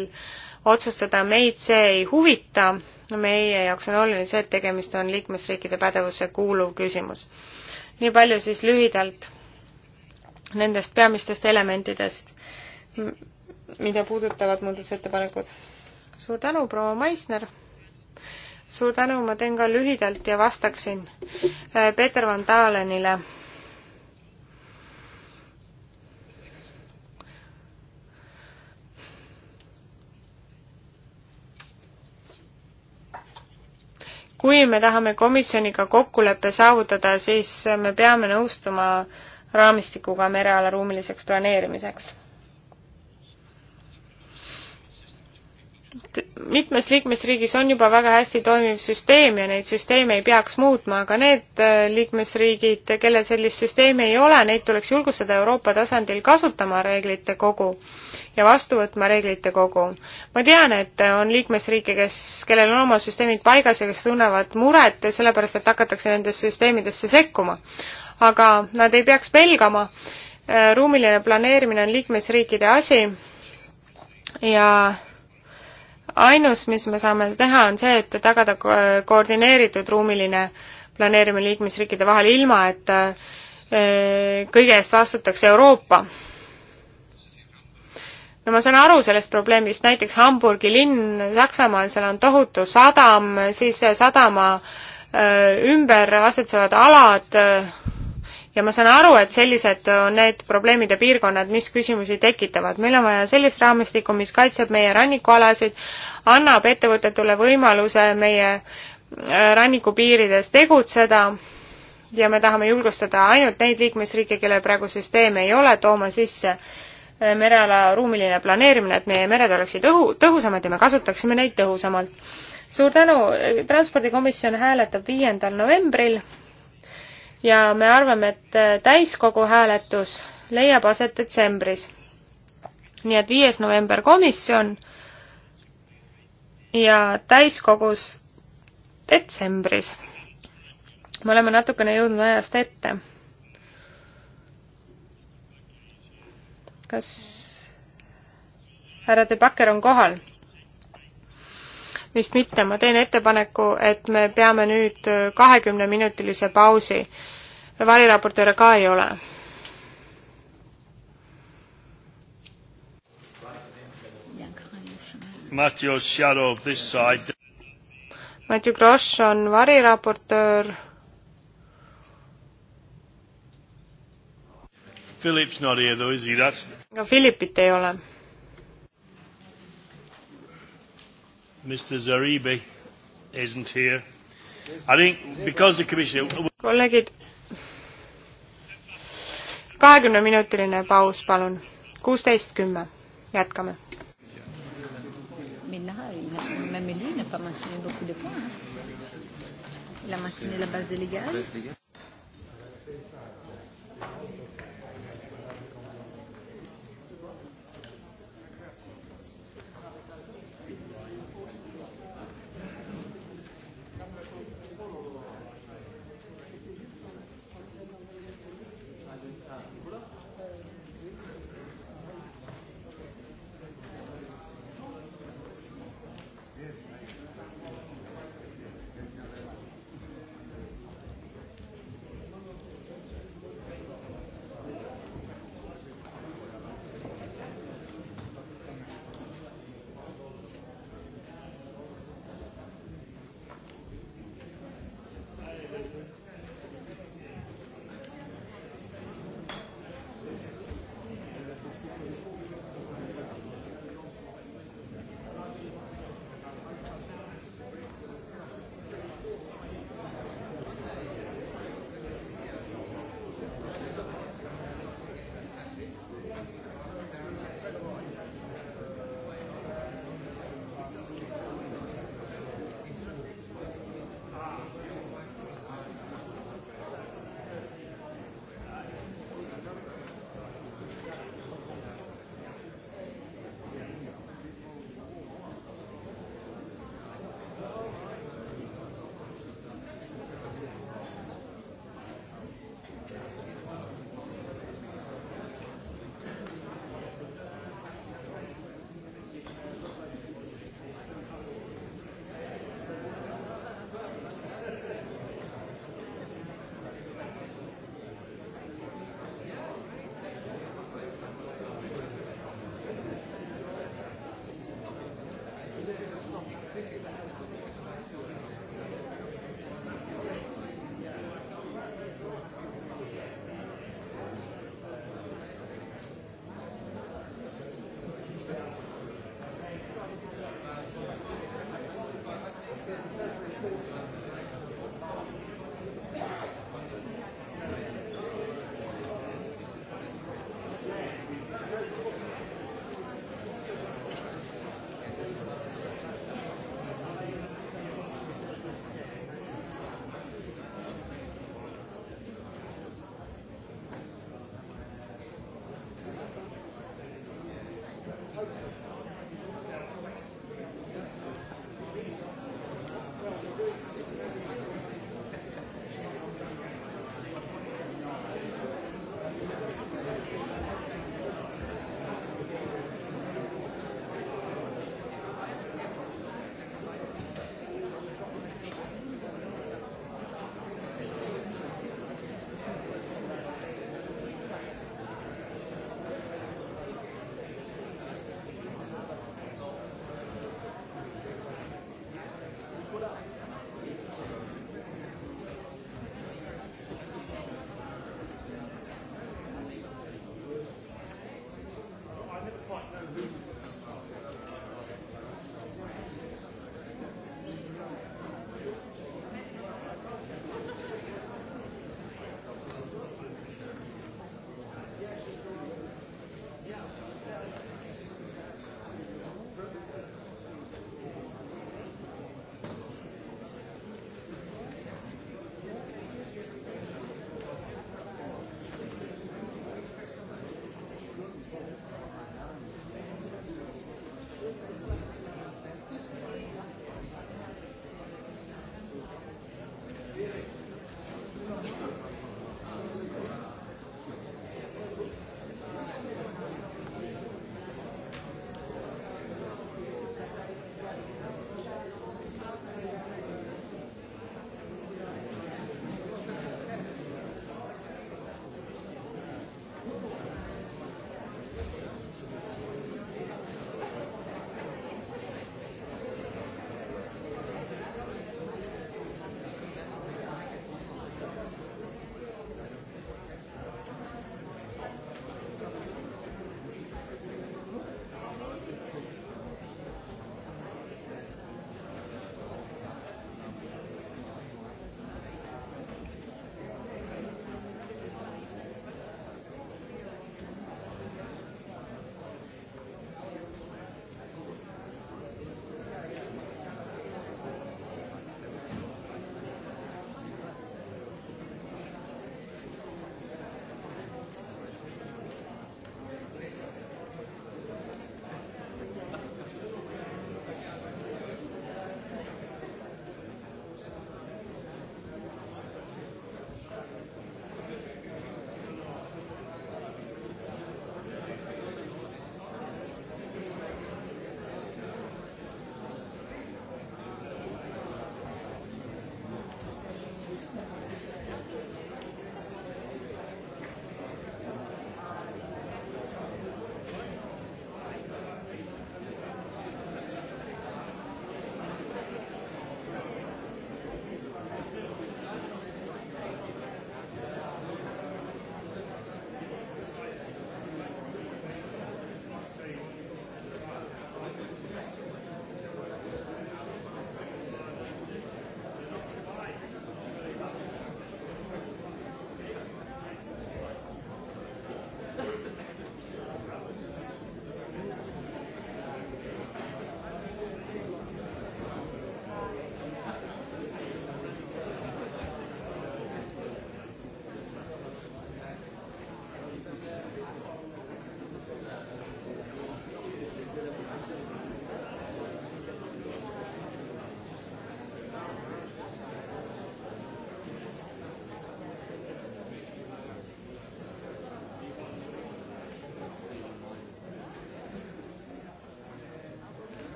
otsustada, meid see ei huvita, meie jaoks on oluline see, et tegemist on liikmesriikide pädevusse kuuluv küsimus. nii palju siis lühidalt nendest peamistest elementidest, mida puudutavad muudatusettepanekud. suur tänu, proua Maisner! suur tänu, ma teen ka lühidalt ja vastaksin äh, Peeter Van Dalenile. kui me tahame komisjoniga kokkuleppe saavutada, siis me peame nõustuma raamistikuga mereala ruumiliseks planeerimiseks mitmes liikmesriigis on juba väga hästi toimiv süsteem ja neid süsteeme ei peaks muutma, aga need äh, liikmesriigid, kellel sellist süsteemi ei ole, neid tuleks julgustada Euroopa tasandil kasutama reeglite kogu ja vastu võtma reeglite kogu. ma tean, et on liikmesriike, kes, kellel on oma süsteemid paigas ja kes tunnevad muret sellepärast, et hakatakse nendesse süsteemidesse sekkuma. aga nad ei peaks pelgama, äh, ruumiline planeerimine on liikmesriikide asi ja ainus, mis me saame teha, on see, et tagada koordineeritud ruumiline planeerimine liikmesriikide vahel, ilma et eh, kõige eest vastutaks Euroopa. no ma saan aru sellest probleemist, näiteks Hamburgi linn Saksamaal, seal on tohutu sadam, siis sadama eh, ümber asetsevad alad, eh, ja ma saan aru, et sellised on need probleemid ja piirkonnad, mis küsimusi tekitavad. meil on vaja sellist raamistikku, mis kaitseb meie rannikualasid, annab ettevõtetule võimaluse meie äh, rannikupiirides tegutseda ja me tahame julgustada ainult neid liikmesriike, kellel praegu süsteemi ei ole, tooma sisse äh, mereala ruumiline planeerimine, et meie mered oleksid õhu, tõhusamad ja me kasutaksime neid tõhusamalt. suur tänu, äh, transpordikomisjon hääletab viiendal novembril ja me arvame, et äh, täiskogu hääletus leiab aset detsembris. nii et viies november komisjon ja täiskogus detsembris. me oleme natukene jõudnud ajast ette. kas härra De Backer on kohal? vist mitte, ma teen ettepaneku, et me peame nüüd kahekümneminutilise pausi. variraportööre ka ei ole Matthew Shadow this side. Matthew Grosch on variraportöör. Philip's not here though, is he? That's... aga Philipit ei ole Mr Zaribi isn't here. I think because the commission kolleegid, kahekümneminutiline paus, palun. kuusteist kümme, jätkame. Même lui n'a pas mentionné beaucoup de points. Il a mentionné la base légale.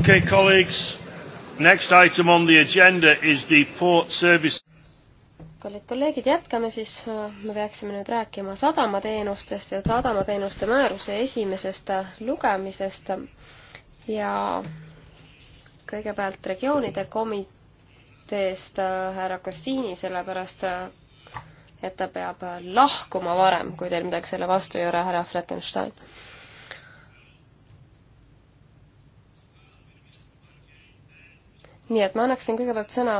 Okay, colleagues, next item on the agenda is the port service. kallid kolleegid, jätkame siis, me peaksime nüüd rääkima sadamateenustest ja sadamateenuste määruse esimesest lugemisest ja kõigepealt regioonide komiteest äh, härra Kossiini, sellepärast äh, et ta peab lahkuma varem, kui teil midagi selle vastu ei ole, härra Fleckenstein nii et ma annaksin kõigepealt sõna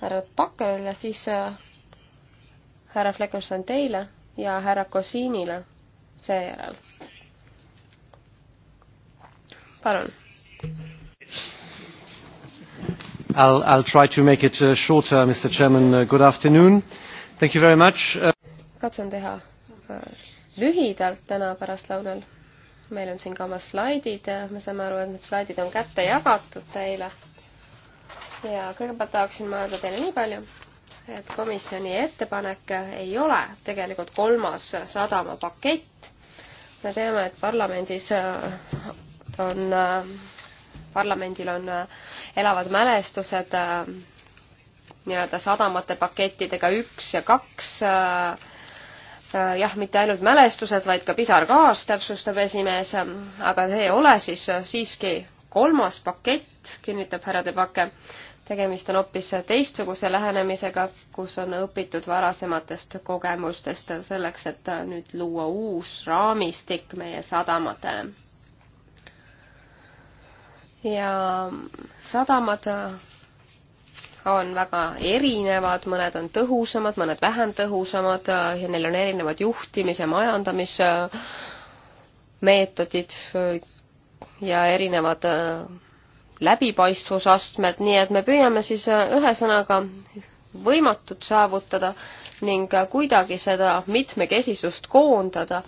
härra Pakkerile, siis äh, härra Fleckenstein teile ja härra Kosiinile seejärel. palun. I'll, I'll try to make it uh, shorter, Mr Chairman uh,, good afternoon, thank you very much uh.... katsun teha äh, lühidalt täna pärastlõunal. meil on siin ka oma slaidid, me saame aru, et need slaidid on kätte jagatud teile ja kõigepealt tahaksin ma öelda teile nii palju, et komisjoni ettepanek ei ole tegelikult kolmas sadamapakett. me teame, et parlamendis äh, on, äh, parlamendil on äh, elavad mälestused nii-öelda sadamate pakettidega üks ja kaks. jah, mitte ainult mälestused, vaid ka pisargaas, täpsustab esimees, aga see ei ole siis siiski kolmas pakett, kinnitab härra De Backe tegemist on hoopis teistsuguse lähenemisega, kus on õpitud varasematest kogemustest selleks, et nüüd luua uus raamistik meie sadamatele. ja sadamad on väga erinevad, mõned on tõhusamad, mõned vähem tõhusamad ja neil on erinevad juhtimis- ja majandamismeetodid ja erinevad läbipaistvusastmed, nii et me püüame siis äh, ühesõnaga võimatut saavutada ning äh, kuidagi seda mitmekesisust koondada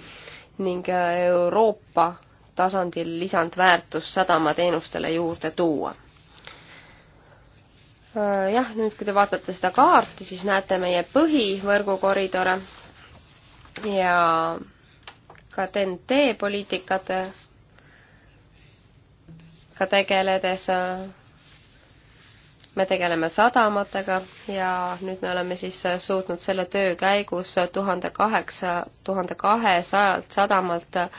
ning äh, Euroopa tasandil lisandväärtus sadamateenustele juurde tuua. jah, nüüd kui te vaatate seda kaarti, siis näete meie põhivõrgukoridore ja ka TNT poliitikate ka tegeledes äh, me tegeleme sadamatega ja nüüd me oleme siis äh, suutnud selle töö käigus tuhande kaheksa, tuhande kahesajalt sadamalt äh,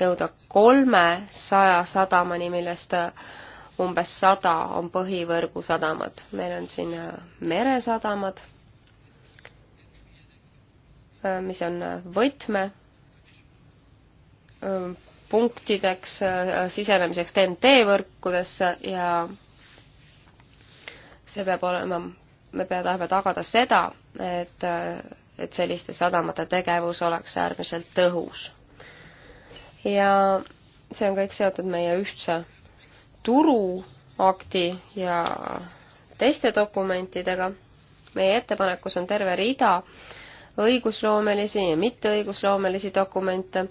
jõuda kolmesaja sadamani, millest umbes sada on põhivõrgu sadamad. meil on siin meresadamad, mis on võtme punktideks äh, sisenemiseks TNT võrkudesse ja see peab olema, me tahame tagada seda, et, äh, et selliste sadamate tegevus oleks äärmiselt tõhus. ja see on kõik seotud meie ühtse turuakti ja teiste dokumentidega. meie ettepanekus on terve rida õigusloomelisi ja mitteõigusloomelisi dokumente,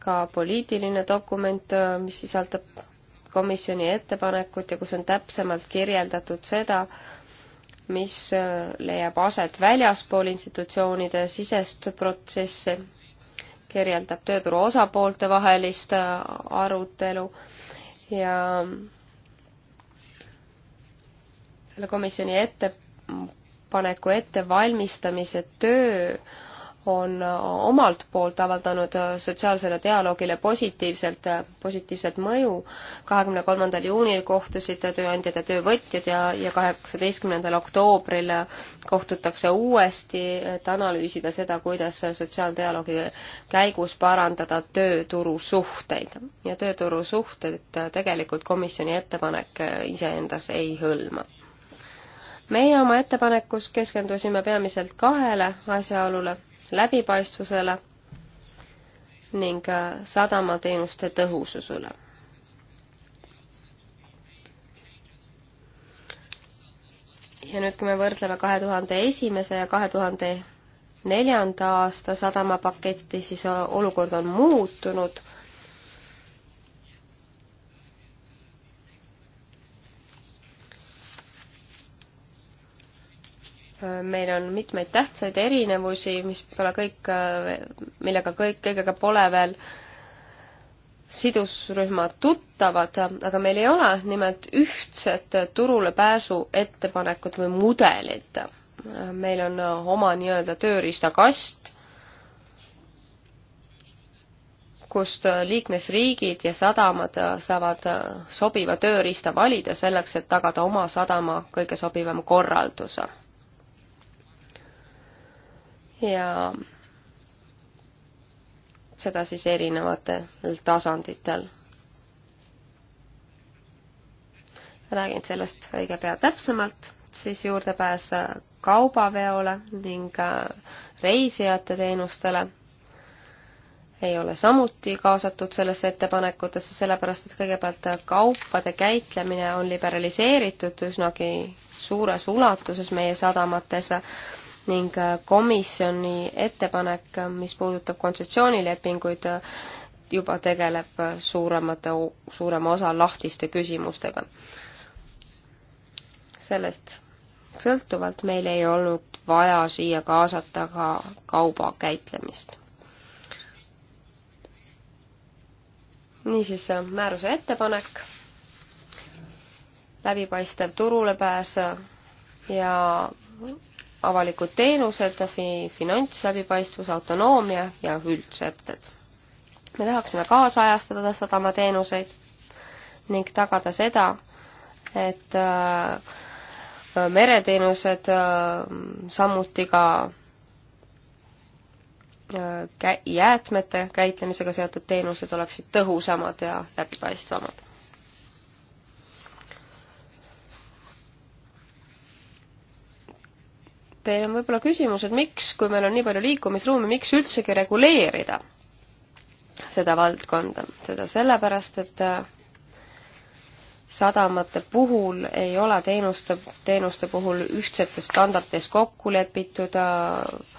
ka poliitiline dokument, äh, mis sisaldab komisjoni ettepanekut ja kus on täpsemalt kirjeldatud seda, mis äh, leiab aset väljaspool institutsioonide sisest protsessi, kirjeldab tööturu osapoolte vahelist äh, arutelu ja selle komisjoni ettepaneku ettevalmistamise töö on omalt poolt avaldanud sotsiaalsele dialoogile positiivselt, positiivset mõju. kahekümne kolmandal juunil kohtusid tööandjad ja töövõtjad ja, ja kaheksateistkümnendal oktoobril kohtutakse uuesti, et analüüsida seda, kuidas sotsiaaldialoogi käigus parandada tööturusuhteid. ja tööturusuhted tegelikult komisjoni ettepanek iseendas ei hõlma meie oma ettepanekus keskendusime peamiselt kahele asjaolule läbipaistvusele ning äh, sadamateenuste tõhususele. ja nüüd, kui me võrdleme kahe tuhande esimese ja kahe tuhande neljanda aasta sadamapaketti, siis äh, olukord on muutunud meil on mitmeid tähtsaid erinevusi, mis pole kõik, millega kõik, kõigega pole veel sidusrühmad tuttavad, aga meil ei ole nimelt ühtset turulepääsu ettepanekut või mudelit. meil on oma nii-öelda tööriistakast, kust liikmesriigid ja sadamad saavad sobiva tööriista valida selleks, et tagada oma sadama kõige sobivam korraldus ja seda siis erinevatel tasanditel. räägin sellest õige pea täpsemalt, siis juurdepääs kaubaveole ning reisijate teenustele ei ole samuti kaasatud sellesse ettepanekutesse, sellepärast et kõigepealt kaupade käitlemine on liberaliseeritud üsnagi suures ulatuses meie sadamates ning äh, komisjoni ettepanek, mis puudutab kontsessioonilepinguid, juba tegeleb äh, suuremate, suurema osa lahtiste küsimustega. sellest sõltuvalt meil ei olnud vaja siia kaasata ka kauba käitlemist. niisiis, äh, määruse ettepanek, läbipaistev turulepääs ja avalikud teenused, finantsläbipaistvus, autonoomia ja üldsätted. me tahaksime kaasajastada sadamateenuseid ning tagada seda, et äh, mereteenused, äh, samuti ka äh, jäätmete käitlemisega seotud teenused oleksid tõhusamad ja läbipaistvamad Teil on võib-olla küsimus, et miks, kui meil on nii palju liikumisruumi, miks üldsegi reguleerida seda valdkonda? seda sellepärast, et äh, sadamate puhul ei ole teenuste, teenuste puhul ühtsetes standardites kokku lepitud äh,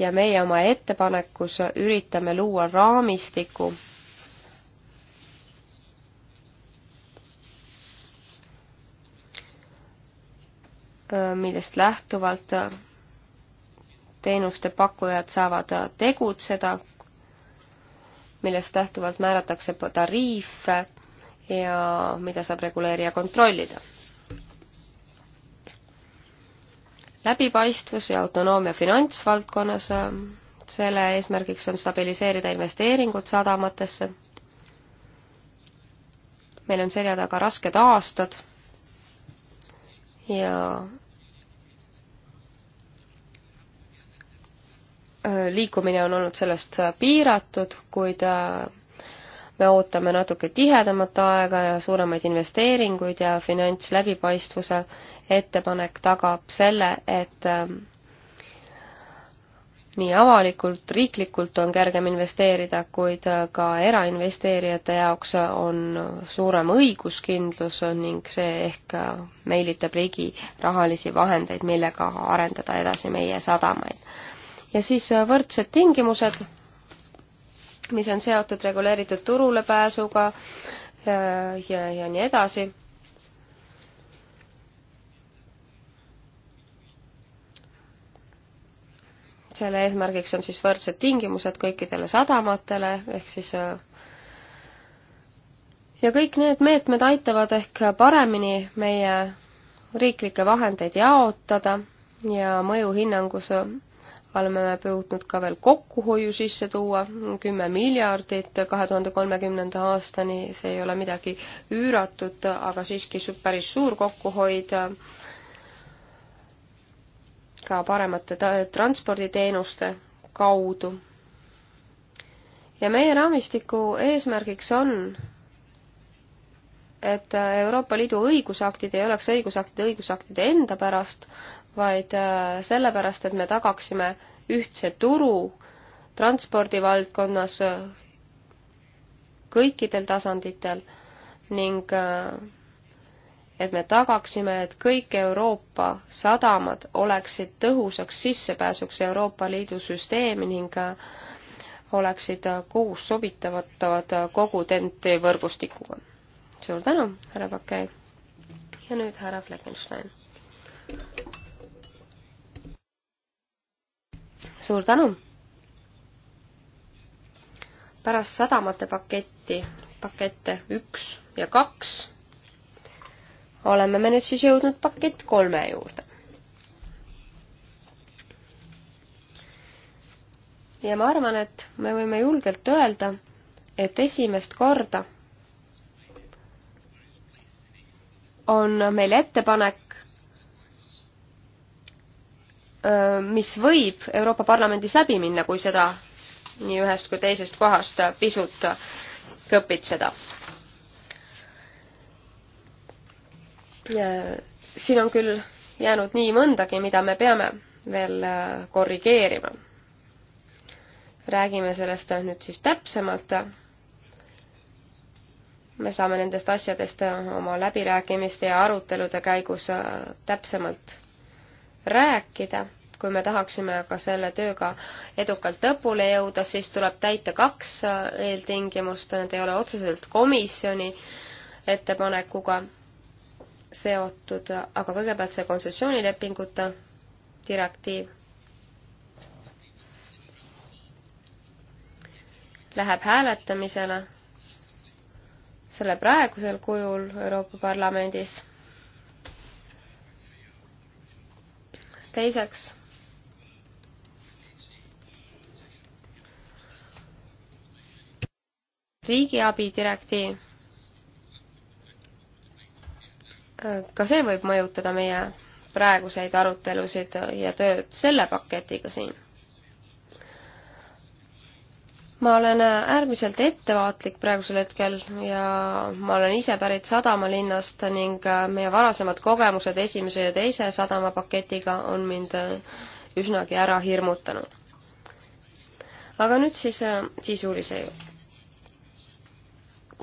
ja meie oma ettepanekus üritame luua raamistiku, Äh, millest lähtuvalt äh, teenuste pakkujad saavad äh, tegutseda, millest lähtuvalt määratakse tariife ja mida saab reguleerija kontrollida. läbipaistvus ja autonoomia finantsvaldkonnas, selle eesmärgiks on stabiliseerida investeeringud sadamatesse. meil on selja taga rasked aastad ja äh, liikumine on olnud sellest äh, piiratud, kuid äh, me ootame natuke tihedamat aega ja suuremaid investeeringuid ja finantsläbipaistvuse ettepanek tagab selle, et nii avalikult, riiklikult on kergem investeerida, kuid äh, ka erainvesteerijate jaoks on suurem õiguskindlus ning see ehk äh, meelitab ligi rahalisi vahendeid, millega arendada edasi meie sadamaid. ja siis äh, võrdsed tingimused, mis on seotud reguleeritud turule pääsuga ja, ja, ja nii edasi selle eesmärgiks on siis võrdsed tingimused kõikidele sadamatele, ehk siis äh, ja kõik need meetmed aitavad ehk paremini meie riiklikke vahendeid jaotada ja mõjuhinnangus oleme me püüdnud ka veel kokkuhoiu sisse tuua, kümme miljardit kahe tuhande kolmekümnenda aastani, see ei ole midagi üüratut, aga siiski päris suur kokkuhoid ka paremate transporditeenuste kaudu. ja meie raamistiku eesmärgiks on, et Euroopa Liidu õigusaktid ei oleks õigusaktide õigusaktide enda pärast, vaid äh, sellepärast, et me tagaksime ühtse turu transpordivaldkonnas äh, kõikidel tasanditel ning äh, et me tagaksime, et kõik Euroopa sadamad oleksid tõhusaks sissepääsuks Euroopa Liidu süsteemi ning äh, oleksid äh, koos sobitatavad äh, kogu TNT võrgustikuga. suur tänu, härra Pakei! ja nüüd härra Fleckenstein. suur tänu! pärast sadamate paketti, pakette üks ja kaks oleme me nüüd siis jõudnud pakett kolme juurde. ja ma arvan, et me võime julgelt öelda, et esimest korda on meil ettepanek, mis võib Euroopa Parlamendis läbi minna, kui seda nii ühest kui teisest kohast pisut kõpitseda siin on küll jäänud nii mõndagi, mida me peame veel äh, korrigeerima. räägime sellest äh, nüüd siis täpsemalt. me saame nendest asjadest äh, oma läbirääkimiste ja arutelude käigus täpsemalt rääkida. kui me tahaksime aga selle tööga edukalt lõpule jõuda, siis tuleb täita kaks eeltingimust, need ei ole otseselt komisjoni ettepanekuga seotud, aga kõigepealt see kontsessioonilepingute direktiiv läheb hääletamisele selle praegusel kujul Euroopa Parlamendis. teiseks riigiabi direktiiv ka see võib mõjutada meie praeguseid arutelusid ja tööd selle paketiga siin. ma olen äärmiselt ettevaatlik praegusel hetkel ja ma olen ise pärit sadamalinnast ning meie varasemad kogemused esimese ja teise sadamapaketiga on mind üsnagi ära hirmutanud. aga nüüd siis sisulise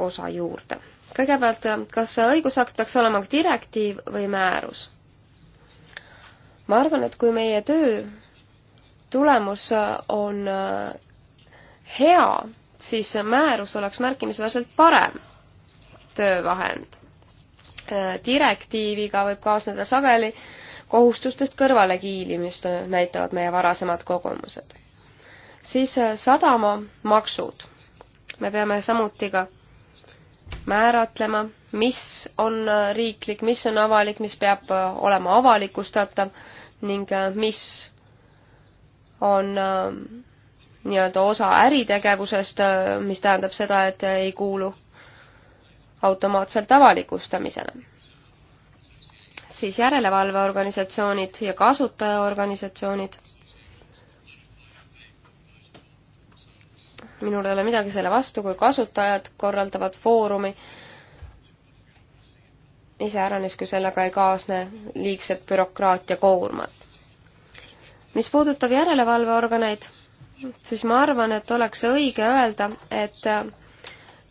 osa juurde kõigepealt, kas õigusakt peaks olema direktiiv või määrus? ma arvan, et kui meie töö tulemus on äh, hea, siis määrus oleks märkimisväärselt parem töövahend. Äh, direktiiviga võib kaasneda sageli kohustustest kõrvalekiilimist, äh, näitavad meie varasemad kogemused. siis sadamamaksud. me peame samuti ka määratlema, mis on riiklik, mis on avalik, mis peab olema avalikustatav ning mis on äh, nii-öelda osa äritegevusest, äh, mis tähendab seda, et ei kuulu automaatselt avalikustamisele. siis järelevalveorganisatsioonid ja kasutajaorganisatsioonid minul ei ole midagi selle vastu, kui kasutajad korraldavad foorumi, iseäranis, kui sellega ei kaasne liigset bürokraatia koormat. mis puudutab järelevalveorganeid, siis ma arvan, et oleks õige öelda, et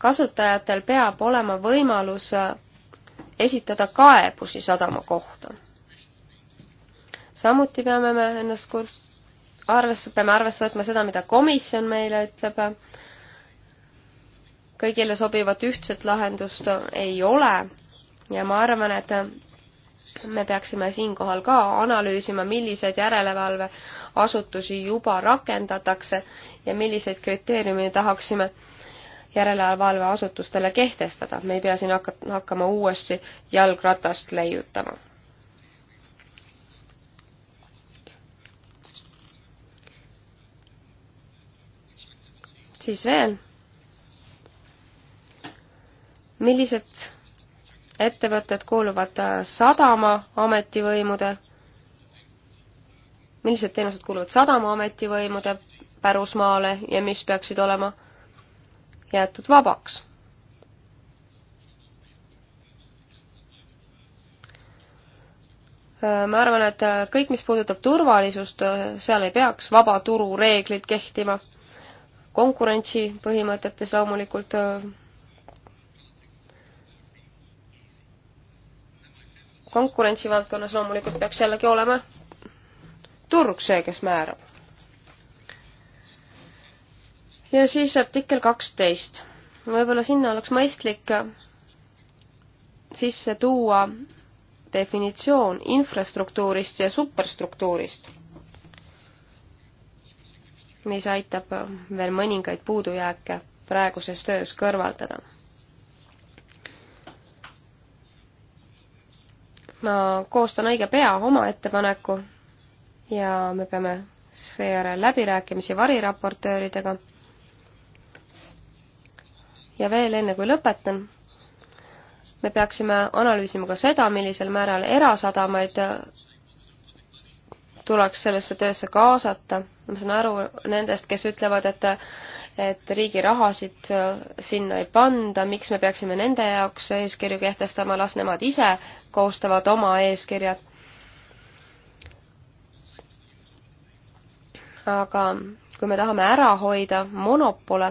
kasutajatel peab olema võimalus esitada kaebusi sadama kohta. samuti peame me ennast arvesse, peame arvesse võtma seda, mida komisjon meile ütleb. kõigile sobivat ühtset lahendust ei ole ja ma arvan, et me peaksime siinkohal ka analüüsima, milliseid järelevalveasutusi juba rakendatakse ja milliseid kriteeriume tahaksime järelevalveasutustele kehtestada. me ei pea siin hakata, hakkama uuesti jalgratast leiutama siis veel, millised ettevõtted kuuluvad sadama ametivõimude, millised teenused kuuluvad sadama ametivõimude pärusmaale ja mis peaksid olema jäetud vabaks. ma arvan, et kõik, mis puudutab turvalisust, seal ei peaks vaba turu reeglid kehtima konkurentsi põhimõtetes loomulikult äh, konkurentsi valdkonnas loomulikult peaks jällegi olema turg see, kes määrab. ja siis artikkel kaksteist. võib-olla sinna oleks mõistlik sisse tuua definitsioon infrastruktuurist ja superstruktuurist mis aitab veel mõningaid puudujääke praeguses töös kõrvaldada. ma koostan õige pea oma ettepaneku ja me peame seejärel läbirääkimisi variraportööridega. ja veel enne, kui lõpetan, me peaksime analüüsima ka seda, millisel määral erasadamaid tuleks sellesse töösse kaasata ma saan aru nendest, kes ütlevad, et, et riigi rahasid äh, sinna ei panda, miks me peaksime nende jaoks eeskirju kehtestama, las nemad ise koostavad oma eeskirjad. aga kui me tahame ära hoida monopole,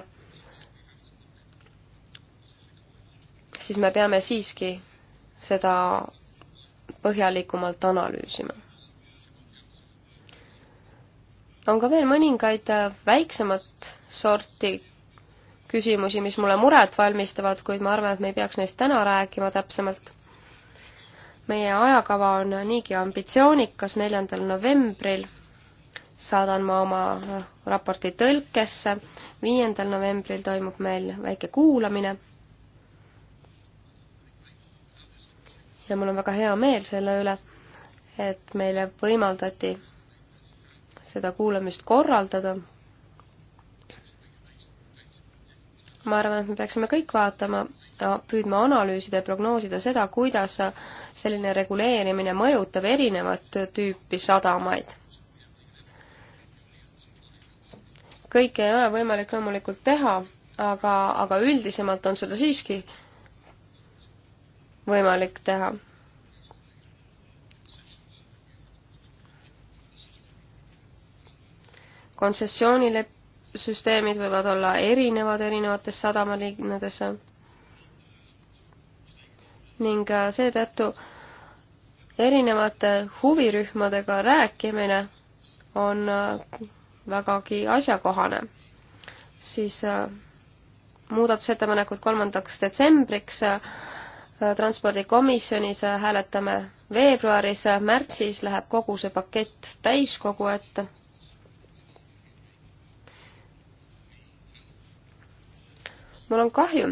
siis me peame siiski seda põhjalikumalt analüüsima on ka veel mõningaid äh, väiksemat sorti küsimusi, mis mulle muret valmistavad, kuid ma arvan, et me ei peaks neist täna rääkima täpsemalt. meie ajakava on niigi ambitsioonikas, neljandal novembril saadan ma oma äh, raporti tõlkesse, viiendal novembril toimub meil väike kuulamine ja mul on väga hea meel selle üle, et meile võimaldati seda kuulamist korraldada. ma arvan, et me peaksime kõik vaatama, püüdma analüüsida ja prognoosida seda, kuidas selline reguleerimine mõjutab erinevat tüüpi sadamaid. kõike ei ole võimalik loomulikult teha, aga, aga üldisemalt on seda siiski võimalik teha kontsessioonilep-, süsteemid võivad olla erinevad erinevates sadamalinnades ning äh, seetõttu erinevate huvirühmadega rääkimine on äh, vägagi asjakohane. siis äh, muudatusettepanekud kolmandaks detsembriks transpordikomisjonis hääletame veebruaris, märtsis läheb kogu see pakett täiskogu ette mul on kahju,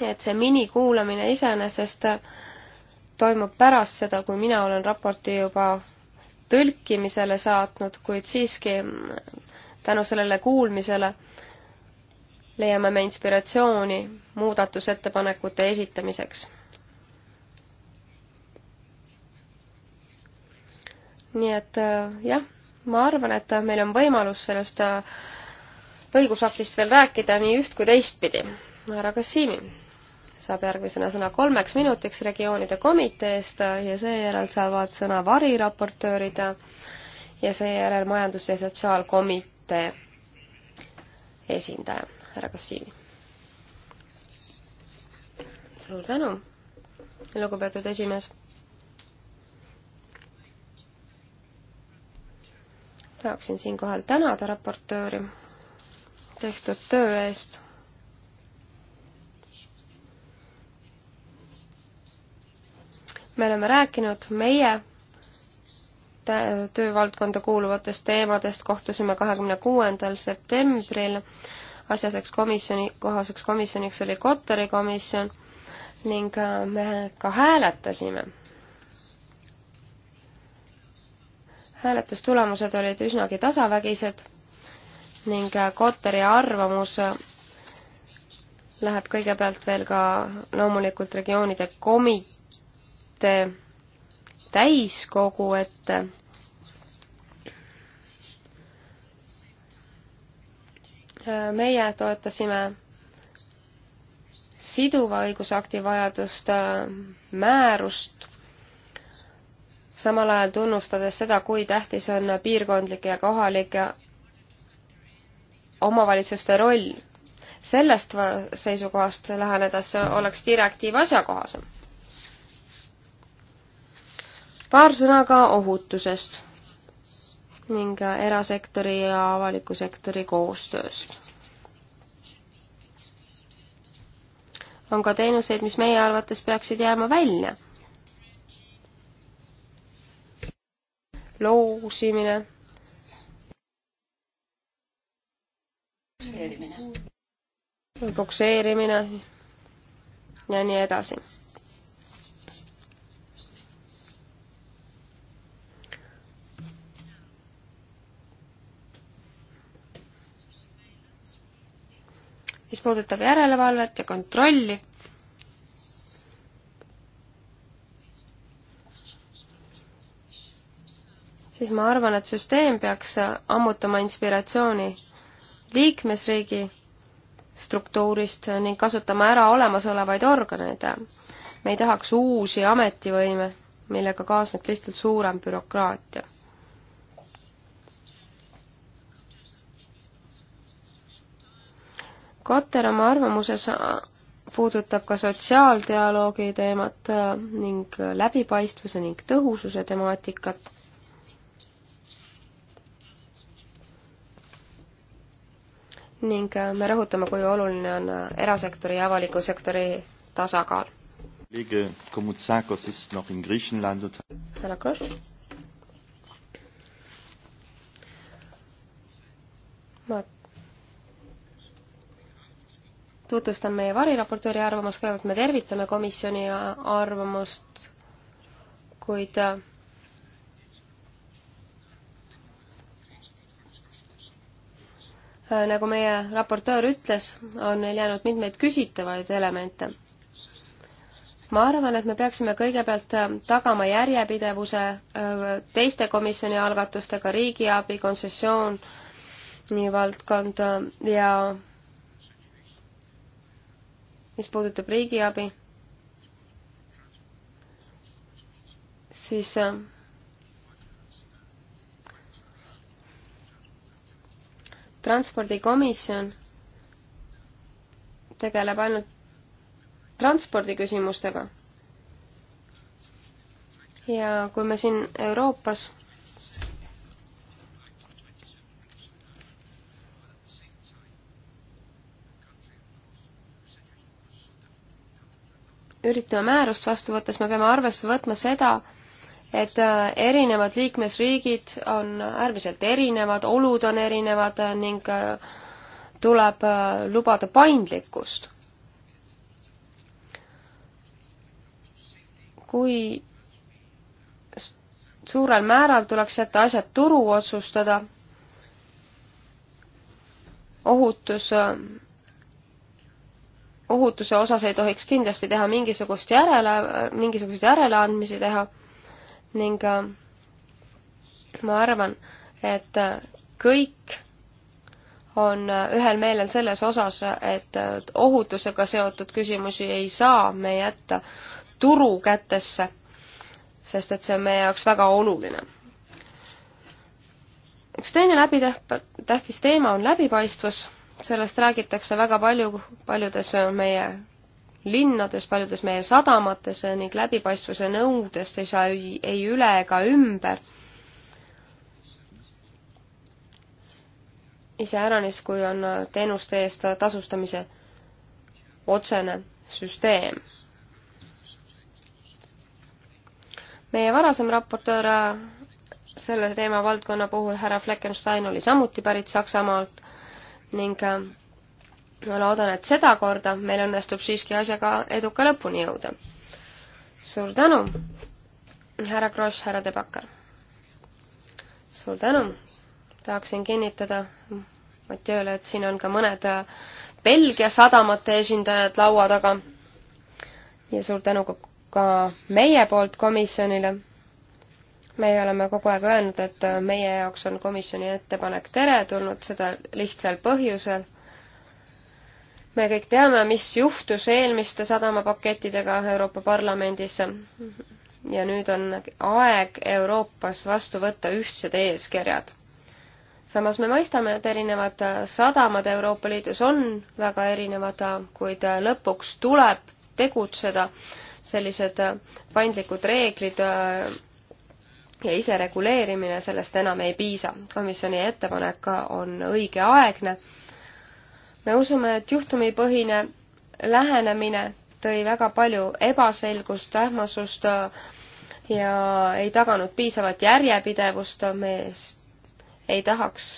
et see minikuulamine iseenesest toimub pärast seda, kui mina olen raporti juba tõlkimisele saatnud, kuid siiski tänu sellele kuulmisele leiame me inspiratsiooni muudatusettepanekute esitamiseks. nii et äh, jah, ma arvan, et meil on võimalus sellest äh, õigusaktist veel rääkida nii üht kui teistpidi. härra Kassimi saab järgmisena sõna kolmeks minutiks regioonide komiteest ja seejärel saavad sõna variraportöörid ja seejärel majandus- ja sotsiaalkomitee esindaja, härra Kassimi. suur tänu, lugupeetud esimees. tahaksin siinkohal tänada raportööri tehtud töö eest. me oleme rääkinud meie töövaldkonda kuuluvatest teemadest, kohtusime kahekümne kuuendal septembril, asjaseks komisjoni, kohaseks komisjoniks oli Kotari komisjon ning äh, me ka hääletasime hääletustulemused olid üsnagi tasavägised ning äh, Kotteri arvamus äh, läheb kõigepealt veel ka loomulikult regioonide komitee täiskogu ette. Äh, meie toetasime siduva õigusakti vajadust, määrust, samal ajal tunnustades seda, kui tähtis on piirkondlike ja kohalike omavalitsuste roll. sellest seisukohast lähenedes oleks direktiiv asjakohasem. paar sõna ka ohutusest ning erasektori ja avaliku sektori koostöös. on ka teenuseid, mis meie arvates peaksid jääma välja. loosimine bokseerimine. bokseerimine ja nii edasi. mis puudutab järelevalvet ja kontrolli, siis ma arvan, et süsteem peaks ammutama inspiratsiooni liikmesriigi struktuurist ning kasutama ära olemasolevaid organeid. me ei tahaks uusi ametivõime, millega kaasneb lihtsalt suurem bürokraatia. Kotter oma arvamuses puudutab ka sotsiaaldialoogi teemat ning läbipaistvuse ning tõhususe temaatikat ning äh, me rõhutame, kui oluline on äh, erasektori ja avaliku sektori tasakaal. härra Kross. ma tutvustan meie variraportööri arvamust, kõigepealt me tervitame komisjoni arvamust, kuid ta äh, Äh, nagu meie raportöör ütles, on neil jäänud mitmeid küsitavaid elemente. ma arvan, et me peaksime kõigepealt äh, tagama järjepidevuse äh, teiste komisjoni algatustega, riigiabi, kontsessioon, nii valdkond ja mis puudutab riigiabi, siis transpordikomisjon tegeleb ainult transpordiküsimustega. ja kui me siin Euroopas üritame määrust vastu võtta, siis me peame arvesse võtma seda, et äh, erinevad liikmesriigid on äärmiselt erinevad, olud on erinevad äh, ning äh, tuleb lubada paindlikkust. kui suurel määral tuleks jätta asjad turu otsustada, ohutus, ohutuse osas ei tohiks kindlasti teha mingisugust järele, mingisuguseid järeleandmisi teha ning äh, ma arvan, et kõik on äh, ühel meelel selles osas, et äh, ohutusega seotud küsimusi ei saa me jätta turu kätesse, sest et see on meie jaoks väga oluline. üks teine läbitähtis teema on läbipaistvus, sellest räägitakse väga palju paljudes meie linnades, paljudes meie sadamates ning läbipaistvuse nõudest ei saa ei, ei üle ega ümber. iseäranis, kui on teenuste eest tasustamise otsene süsteem. meie varasem raportöör selle teema valdkonna puhul, härra Fleckenstein, oli samuti pärit Saksamaalt ning ma loodan, et sedakorda meil õnnestub siiski asjaga eduka lõpuni jõuda. suur tänu, härra Kross, härra Debakar. suur tänu, tahaksin kinnitada Mattiööle, et siin on ka mõned Belgia sadamate esindajad laua taga. ja suur tänu ka, ka meie poolt komisjonile. meie oleme kogu aeg öelnud, et meie jaoks on komisjoni ettepanek teretulnud, seda lihtsal põhjusel me kõik teame, mis juhtus eelmiste sadamapakettidega Euroopa Parlamendis ja nüüd on aeg Euroopas vastu võtta ühtsed eeskirjad. samas me mõistame, et erinevad sadamad Euroopa Liidus on väga erinevad, kuid lõpuks tuleb tegutseda, sellised paindlikud reeglid ja isereguleerimine, sellest enam ei piisa. komisjoni ettepanek on õigeaegne me usume, et juhtumipõhine lähenemine tõi väga palju ebaselgust, ähmasust ja ei taganud piisavat järjepidevust, me ei tahaks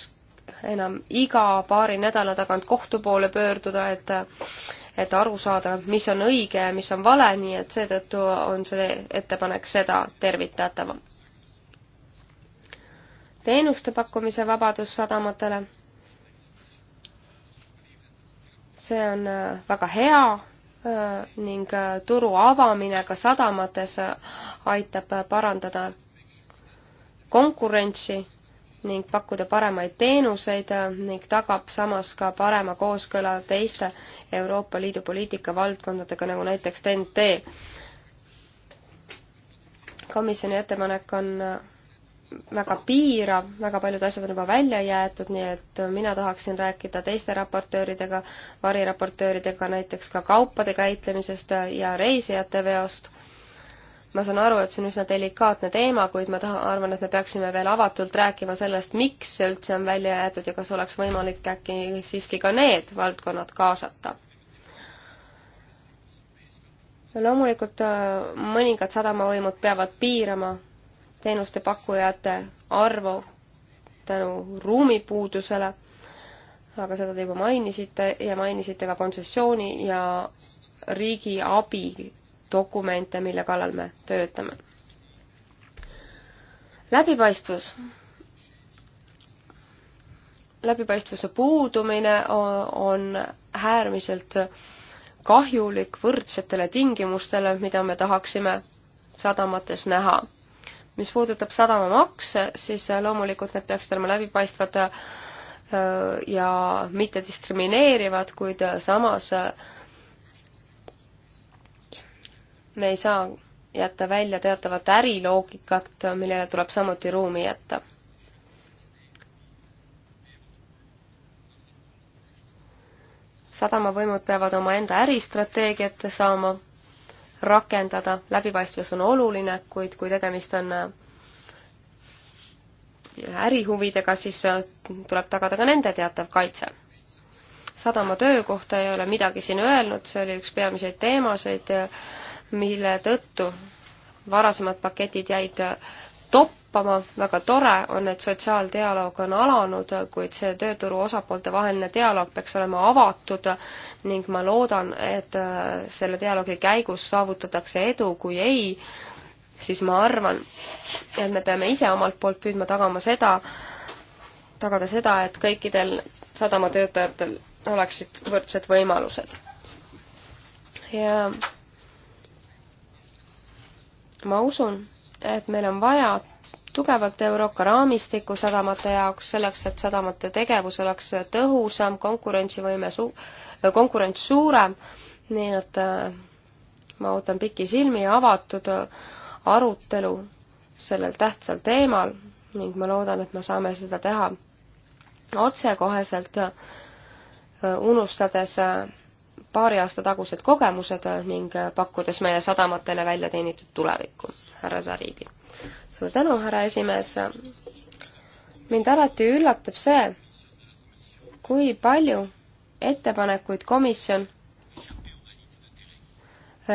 enam iga paari nädala tagant kohtu poole pöörduda, et et aru saada, mis on õige ja mis on vale, nii et seetõttu on see ettepanek seda tervitatavam. teenuste pakkumise vabadus sadamatele see on äh, väga hea äh, ning äh, turu avamine ka sadamates aitab parandada konkurentsi ning pakkuda paremaid teenuseid ning tagab samas ka parema kooskõla teiste Euroopa Liidu poliitika valdkondadega, nagu näiteks TNT. komisjoni ettepanek on väga piirav, väga paljud asjad on juba välja jäetud, nii et mina tahaksin rääkida teiste raportööridega, variraportööridega näiteks ka kaupade käitlemisest ja reisijate veost. ma saan aru, et see on üsna delikaatne teema, kuid ma taha, arvan, et me peaksime veel avatult rääkima sellest, miks see üldse on välja jäetud ja kas oleks võimalik äkki siiski ka need valdkonnad kaasata loomulikult äh, mõningad sadamavõimud peavad piirama teenuste pakkujate arvu tänu ruumipuudusele, aga seda te juba mainisite ja mainisite ka kontsessiooni ja riigi abi dokumente, mille kallal me töötame. läbipaistvus. läbipaistvuse puudumine on äärmiselt kahjulik võrdsetele tingimustele, mida me tahaksime sadamates näha mis puudutab sadamamakse, siis äh, loomulikult need peaksid olema läbipaistvad äh, ja mitte diskrimineerivad, kuid äh, samas me ei saa jätta välja teatavat äriloogikat, millele tuleb samuti ruumi jätta. sadamavõimud peavad omaenda äristrateegiat saama rakendada, läbipaistvus on oluline, kuid kui tegemist on äh, ärihuvidega, siis äh, tuleb tagada ka nende teatav kaitse. sadama töökohta ei ole midagi siin öelnud, see oli üks peamiseid teemasid, äh, mille tõttu varasemad paketid jäid toppama, toppama, väga tore on, et sotsiaaldialoog on alanud, kuid see tööturu osapoolte vaheline dialoog peaks olema avatud ning ma loodan, et äh, selle dialoogi käigus saavutatakse edu, kui ei, siis ma arvan, et me peame ise omalt poolt püüdma tagama seda, tagada seda, et kõikidel sadamatöötajatel oleksid võrdsed võimalused. ja ma usun, et meil on vaja tugevat Euroopa raamistikku sadamate jaoks, selleks et sadamate tegevus oleks tõhusam, konkurentsivõime su-, konkurents suurem, nii et äh, ma ootan pikisilmi avatud äh, arutelu sellel tähtsal teemal ning ma loodan, et me saame seda teha otsekoheselt, äh, unustades paari aasta tagused kogemused ning pakkudes meie sadamatele välja teenitud tulevikku. härra Sariigi suur tänu, härra esimees. mind alati üllatab see, kui palju ettepanekuid komisjon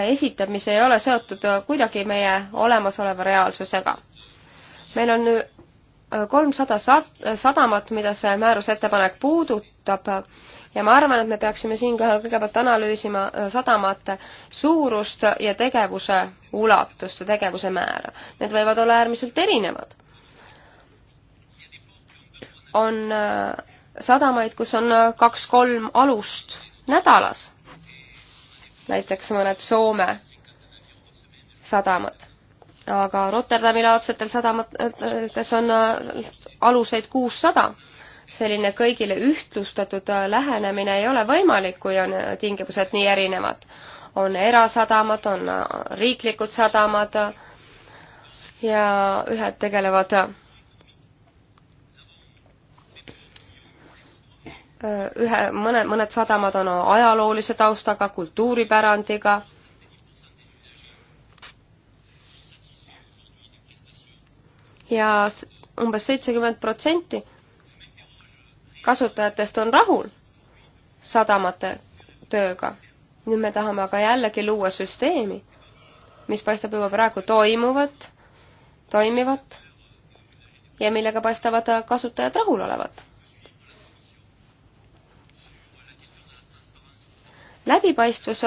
esitab, mis ei ole seotud kuidagi meie olemasoleva reaalsusega. meil on kolmsada sadamat, mida see määruse ettepanek puudutab ja ma arvan, et me peaksime siinkohal kõigepealt analüüsima äh, sadamate suurust ja tegevuse ulatust ja tegevuse määra. Need võivad olla äärmiselt erinevad. on äh, sadamaid, kus on äh, kaks-kolm alust nädalas, näiteks mõned Soome sadamad aga Rotterdami laadsetel sadamates on aluseid kuussada selline kõigile ühtlustatud äh, lähenemine ei ole võimalik, kui on äh, tingimused nii erinevad. on erasadamad, on äh, riiklikud sadamad ja ühed tegelevad ühe, mõne, mõned sadamad on ajaloolise taustaga, kultuuripärandiga. ja umbes seitsekümmend protsenti kasutajatest on rahul sadamate tööga. nüüd me tahame aga jällegi luua süsteemi, mis paistab juba praegu toimuvat, toimivat ja millega paistavad kasutajad rahul olevat. läbipaistvus,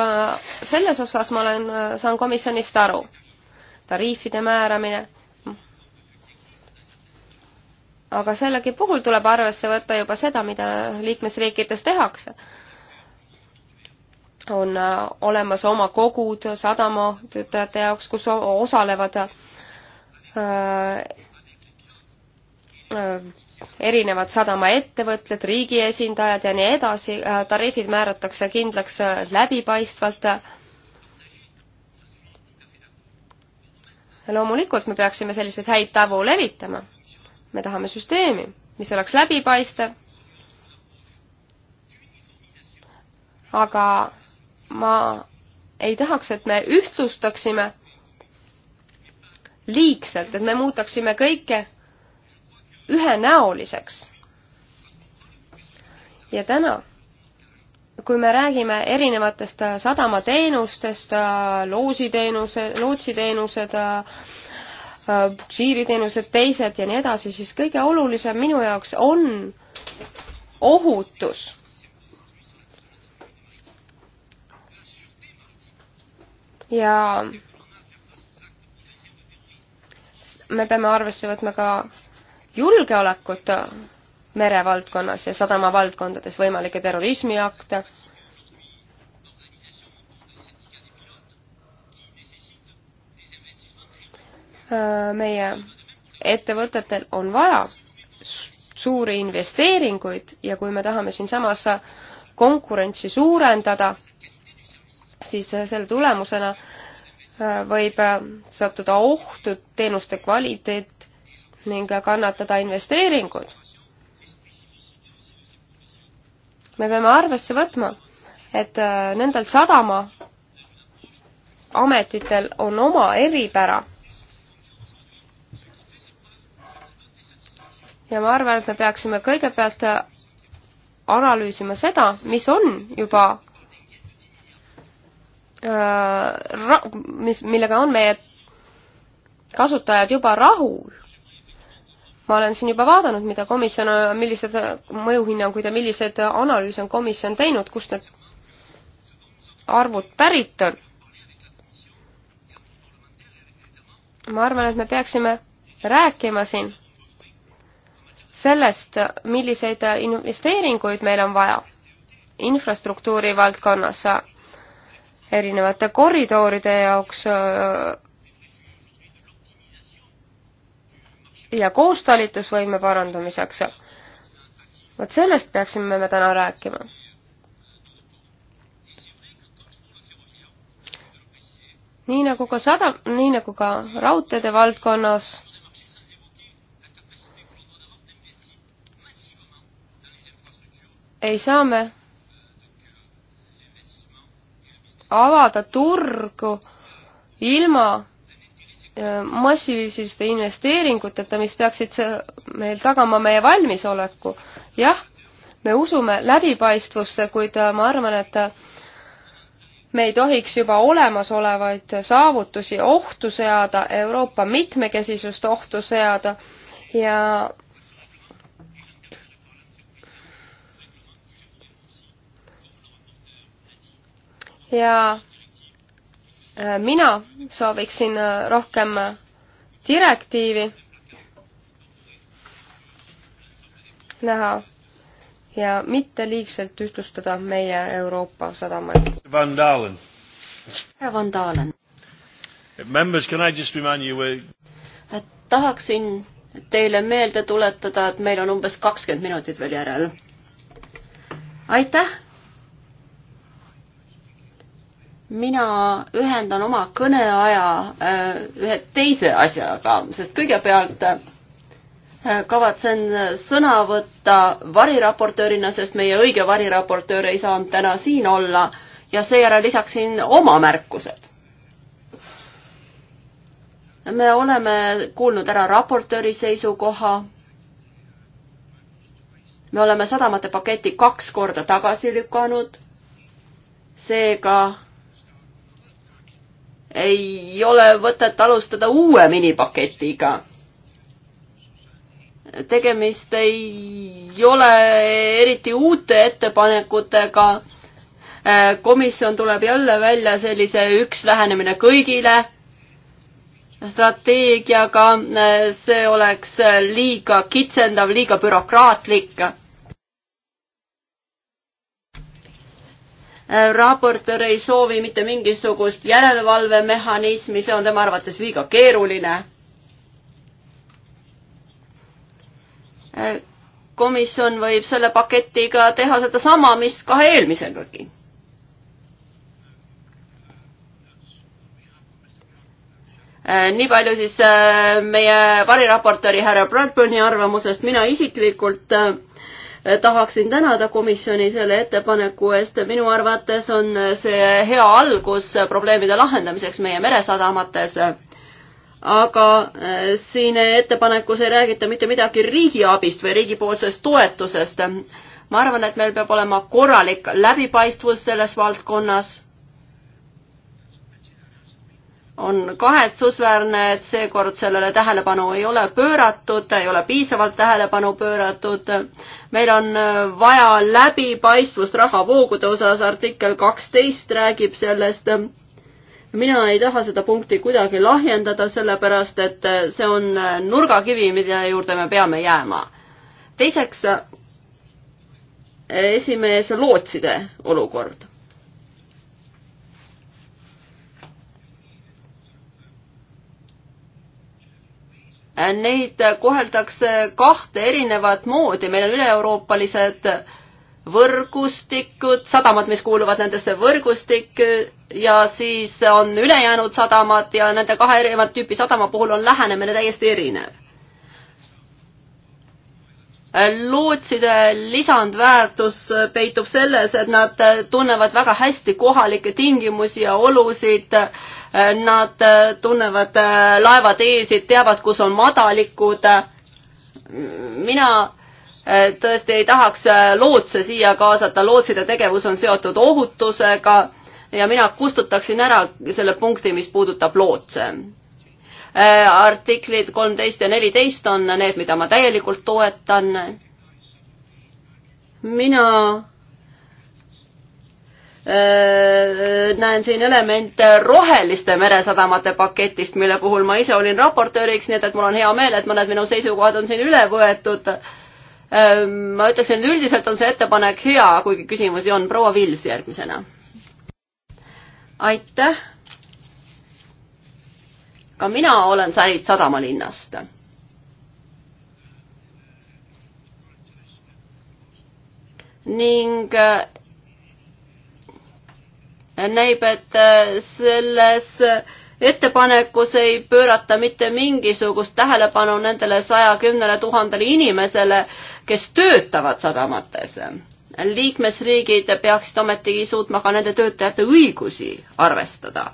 selles osas ma olen, saan komisjonist aru. tariifide määramine aga sellegi puhul tuleb arvesse võtta juba seda, mida liikmesriikides tehakse. on äh, olemas oma kogud sadamatöötajate jaoks, kus osalevad äh, äh, erinevad sadamaettevõtted, riigi esindajad ja nii edasi, tariifid määratakse kindlaks läbipaistvalt loomulikult me peaksime selliseid häid tavu levitama me tahame süsteemi, mis oleks läbipaistev, aga ma ei tahaks, et me ühtlustaksime liigselt, et me muutaksime kõike ühenäoliseks. ja täna, kui me räägime erinevatest sadamateenustest, loositeenuse, lootsiteenused, Äh, piiriteenused, teised ja nii edasi, siis kõige olulisem minu jaoks on ohutus ja me peame arvesse võtma ka julgeolekut merevaldkonnas ja sadamavaldkondades, võimalikke terrorismiakte meie ettevõtetel on vaja suuri investeeringuid ja kui me tahame siinsamas konkurentsi suurendada, siis äh, selle tulemusena äh, võib äh, sattuda ohtu teenuste kvaliteet ning kannatada investeeringud. me peame arvesse võtma, et nendel sadama ametitel on oma eripära ja ma arvan, et me peaksime kõigepealt äh, analüüsima seda, mis on juba äh, ra-, mis, millega on meie kasutajad juba rahul. ma olen siin juba vaadanud, mida komisjon, millised äh, mõjuhinnanguid ja millised analüüse on komisjon teinud, kust need arvud pärit on. ma arvan, et me peaksime rääkima siin sellest, milliseid investeeringuid meil on vaja infrastruktuuri valdkonnas erinevate koridoride jaoks äh, ja koostalitusvõime parandamiseks. vot sellest peaksime me täna rääkima. nii nagu ka sada, nii nagu ka raudteede valdkonnas ei saa me avada turgu ilma äh, massiivsiste investeeringuteta, mis peaksid meil tagama meie valmisoleku. jah, me usume läbipaistvusse, kuid äh, ma arvan, et äh, me ei tohiks juba olemasolevaid saavutusi ohtu seada, Euroopa mitmekesisust ohtu seada ja ja äh, mina sooviksin äh, rohkem äh, direktiivi näha ja mitte liigselt ühtlustada meie Euroopa sadamaid. Van Dalen. härra Van Dalen. Members, can I just remind you where et tahaksin teile meelde tuletada, et meil on umbes kakskümmend minutit veel järel. aitäh mina ühendan oma kõneaja äh, ühe teise asjaga, sest kõigepealt äh, kavatsen sõna võtta variraportöörina, sest meie õige variraportöör ei saanud täna siin olla ja seejärel lisaksin oma märkused. me oleme kuulnud ära raportööri seisukoha. me oleme sadamate paketi kaks korda tagasi lükanud. seega ei ole võtet alustada uue minipaketiga. tegemist ei ole eriti uute ettepanekutega. komisjon tuleb jälle välja sellise üks lähenemine kõigile strateegiaga, see oleks liiga kitsendav, liiga bürokraatlik raportöör ei soovi mitte mingisugust järelevalvemehhanismi, see on tema arvates liiga keeruline. komisjon võib selle paketiga teha sedasama, mis kahe eelmisegagi. nii palju siis äh, meie variraportööri härra Bradburni arvamusest, mina isiklikult äh, tahaksin tänada komisjoni selle ettepaneku eest, minu arvates on see hea algus probleemide lahendamiseks meie meresadamates. aga eh, siin ettepanekus ei räägita mitte midagi riigiabist või riigipoolsest toetusest. ma arvan, et meil peab olema korralik läbipaistvus selles valdkonnas on kahetsusväärne, et seekord sellele tähelepanu ei ole pööratud, ei ole piisavalt tähelepanu pööratud. meil on vaja läbipaistvust rahavoogude osas, artikkel kaksteist räägib sellest. mina ei taha seda punkti kuidagi lahjendada, sellepärast et see on nurgakivi, mille juurde me peame jääma. teiseks, esimees lootside olukord neid koheldakse kahte erinevat moodi, meil on üle-euroopalised võrgustikud, sadamad, mis kuuluvad nendesse võrgustikku ja siis on ülejäänud sadamad ja nende kahe erinevat tüüpi sadama puhul on lähenemine täiesti erinev lootside lisandväärtus peitub selles, et nad tunnevad väga hästi kohalikke tingimusi ja olusid. Nad tunnevad laevateesid, teavad, kus on madalikud. mina tõesti ei tahaks lootse siia kaasata, lootside tegevus on seotud ohutusega ja mina kustutaksin ära selle punkti, mis puudutab lootse Äh, artiklid kolmteist ja neliteist on need, mida ma täielikult toetan. mina äh, näen siin elemente roheliste meresadamate paketist, mille puhul ma ise olin raportööriks, nii et, et mul on hea meel, et mõned minu seisukohad on siin üle võetud. Äh, ma ütleksin, et üldiselt on see ettepanek hea, kuigi küsimusi on. proua Vils järgmisena. aitäh ka mina olen Särit sadamalinnast. ning äh, näib, et äh, selles ettepanekus ei pöörata mitte mingisugust tähelepanu nendele saja kümnele tuhandele inimesele, kes töötavad sadamates. liikmesriigid peaksid ometigi suutma ka nende töötajate õigusi arvestada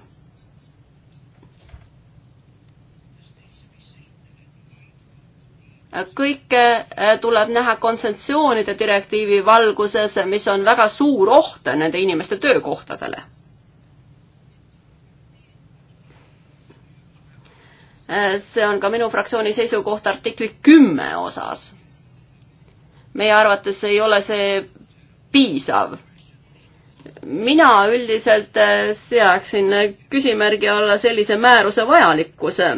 kõike eh, tuleb näha kontsentsioonide direktiivi valguses, mis on väga suur oht nende inimeste töökohtadele. Eh, see on ka minu fraktsiooni seisukoht artikli kümme osas. meie arvates ei ole see piisav. mina üldiselt eh, seaksin küsimärgi alla sellise määruse vajalikkuse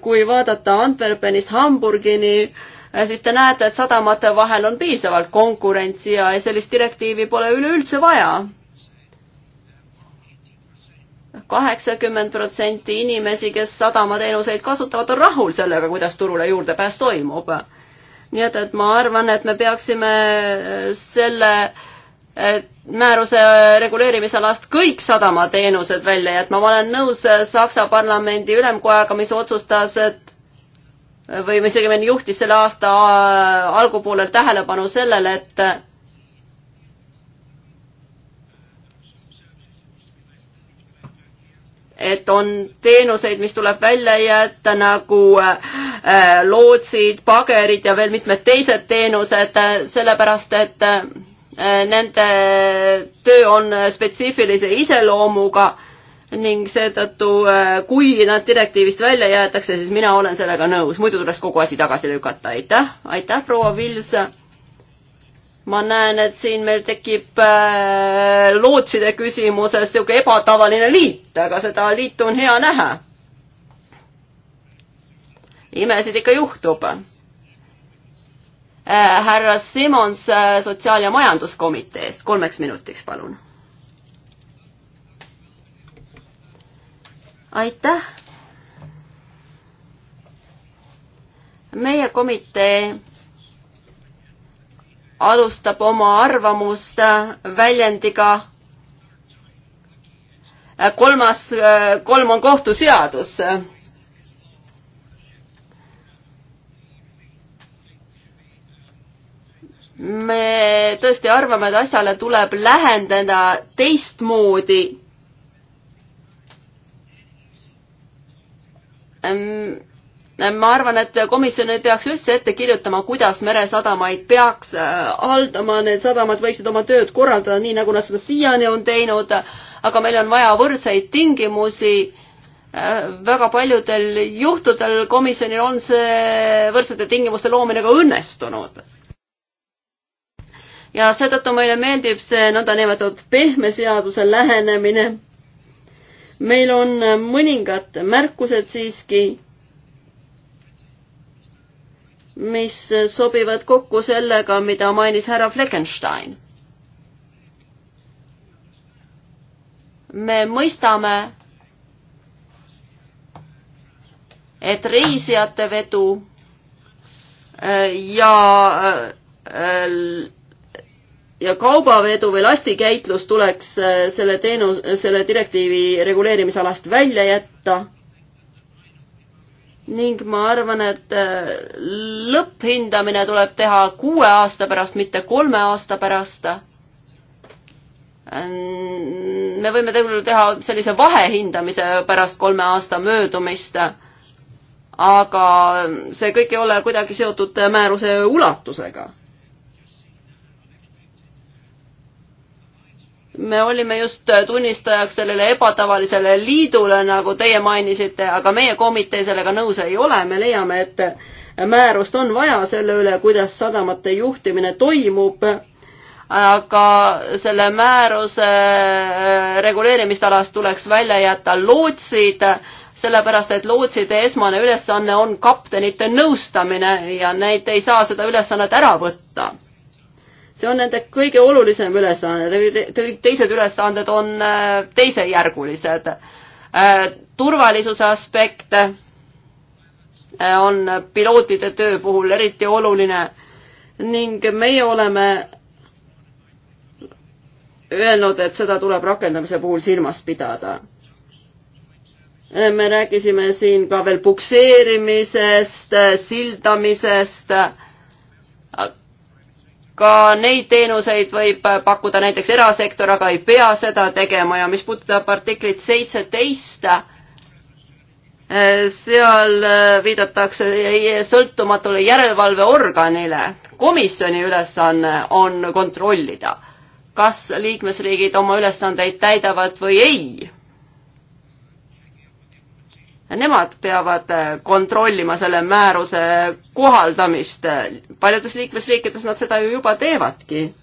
kui vaadata Antwerpenist Hamburgini, äh, siis te näete, et sadamate vahel on piisavalt konkurentsi ja sellist direktiivi pole üleüldse vaja. kaheksakümmend protsenti inimesi, kes sadamateenuseid kasutavad, on rahul sellega, kuidas turule juurdepääs toimub. nii et, et ma arvan, et me peaksime äh, selle äh, määruse reguleerimisalast kõik sadamateenused välja jätma. ma olen nõus Saksa parlamendi ülemkojaga, mis otsustas, et või mis õigemini juhtis selle aasta äh, algupoolel tähelepanu sellele, et et on teenuseid, mis tuleb välja jätta nagu äh, lootsid, pagerid ja veel mitmed teised teenused, äh, sellepärast et äh, Äh, nende töö on spetsiifilise iseloomuga ning seetõttu, äh, kui nad direktiivist välja jäetakse, siis mina olen sellega nõus, muidu tuleks kogu asi tagasi lükata, aitäh, aitäh, proua Vils. ma näen, et siin meil tekib äh, lootside küsimuses niisugune ebatavaline liit, aga seda liitu on hea näha. imesid ikka juhtub Äh, härra Simons äh, Sotsiaal- ja Majanduskomiteest, kolmeks minutiks, palun. aitäh. meie komitee alustab oma arvamust äh, väljendiga kolmas, kolm on kohtuseadus me tõesti arvame, et asjale tuleb lähendada teistmoodi. ma arvan, et komisjon ei peaks üldse ette kirjutama, kuidas meresadamaid peaks äh, haldama, need sadamad võiksid oma tööd korraldada nii, nagu nad seda siiani on teinud, aga meil on vaja võrdseid tingimusi äh, väga paljudel juhtudel komisjonil on see võrdsete tingimuste loomine ka õnnestunud ja seetõttu meile meeldib see nõndanimetatud pehme seaduse lähenemine. meil on mõningad märkused siiski, mis sobivad kokku sellega, mida mainis härra Fleckenstein. me mõistame, et reisijate vedu äh, ja äh, äh, ja kaubavedu või lastikäitlus tuleks äh, selle teenu-, selle direktiivi reguleerimisalast välja jätta. ning ma arvan, et äh, lõpphindamine tuleb teha kuue aasta pärast, mitte kolme aasta pärast. me võime tegelikult teha sellise vahehindamise pärast kolme aasta möödumist, aga see kõik ei ole kuidagi seotud määruse ulatusega me olime just tunnistajaks sellele ebatavalisele liidule, nagu teie mainisite, aga meie komitee sellega nõus ei ole, me leiame, et määrust on vaja selle üle, kuidas sadamate juhtimine toimub, aga selle määruse äh, reguleerimistalas tuleks välja jätta lootsid, sellepärast et lootside esmane ülesanne on kaptenite nõustamine ja neid ei saa seda ülesannet ära võtta see on nende kõige olulisem ülesanne, kõik teised ülesanded on äh, teisejärgulised. Äh, turvalisuse aspekt äh, on pilootide töö puhul eriti oluline ning meie oleme öelnud, et seda tuleb rakendamise puhul silmas pidada. me rääkisime siin ka veel pukseerimisest, sildamisest ka neid teenuseid võib pakkuda näiteks erasektor, aga ei pea seda tegema ja mis puudutab artiklit seitseteist, seal viidatakse sõltumatule järelevalveorganile. komisjoni ülesanne on kontrollida, kas liikmesriigid oma ülesandeid täidavad või ei nemad peavad äh, kontrollima selle määruse kohaldamist. paljudes liikmesriikides nad seda ju juba teevadki.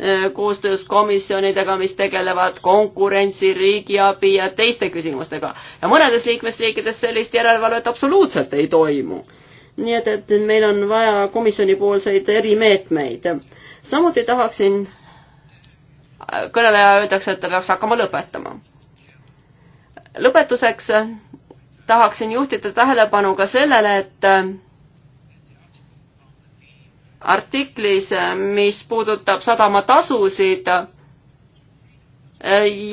Äh, koostöös komisjonidega, mis tegelevad konkurentsi, riigiabi ja teiste küsimustega. ja mõnedes liikmesriikides sellist järelevalvet absoluutselt ei toimu. nii et, et meil on vaja komisjonipoolseid erimeetmeid. samuti tahaksin, kõneleja öeldakse, et ta peaks hakkama lõpetama lõpetuseks tahaksin juhtida tähelepanu ka sellele, et äh, artiklis, äh, mis puudutab sadamatasusid, äh,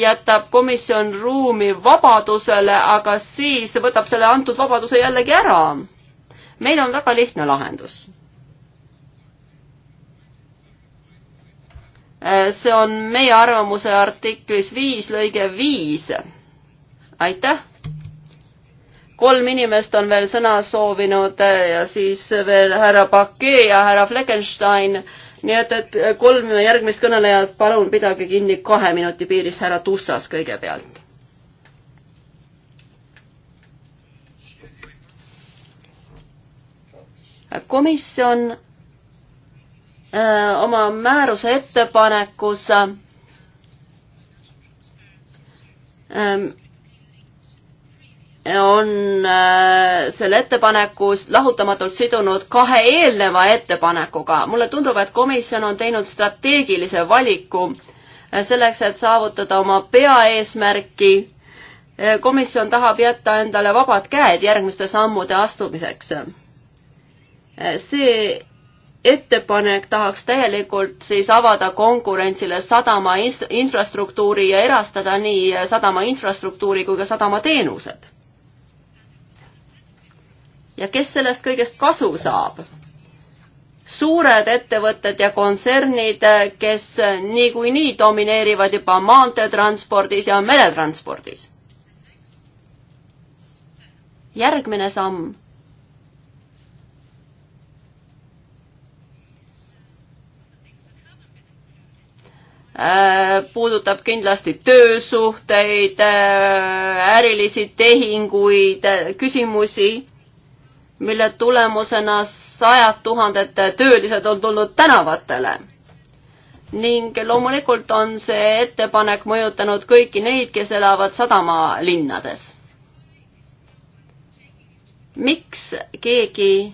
jätab komisjon ruumi vabadusele, aga siis võtab selle antud vabaduse jällegi ära. meil on väga lihtne lahendus. see on meie arvamuse artiklis viis lõige viis aitäh! kolm inimest on veel sõna soovinud äh, ja siis veel härra Pakee ja härra Fleckenstein. nii et, et kolm järgmist kõnelejat, palun pidage kinni kahe minuti piirist, härra Tussas kõigepealt. komisjon öö, äh, oma määruse ettepanekus öö, äh, on äh, selle ettepaneku lahutamatult sidunud kahe eelneva ettepanekuga. mulle tundub, et komisjon on teinud strateegilise valiku äh, selleks, et saavutada oma peaeesmärki. Äh, komisjon tahab jätta endale vabad käed järgmiste sammude astumiseks. see ettepanek tahaks täielikult siis avada konkurentsile sadama infrastruktuuri ja erastada nii sadama infrastruktuuri kui ka sadamateenused ja kes sellest kõigest kasu saab? suured ettevõtted ja kontsernid, kes niikuinii domineerivad juba maanteetranspordis ja meretranspordis. järgmine samm. Äh, puudutab kindlasti töösuhteid, äh, ärilisi tehinguid, äh, küsimusi mille tulemusena sajad tuhanded töölised on tulnud tänavatele. ning loomulikult on see ettepanek mõjutanud kõiki neid, kes elavad sadamalinnades. miks keegi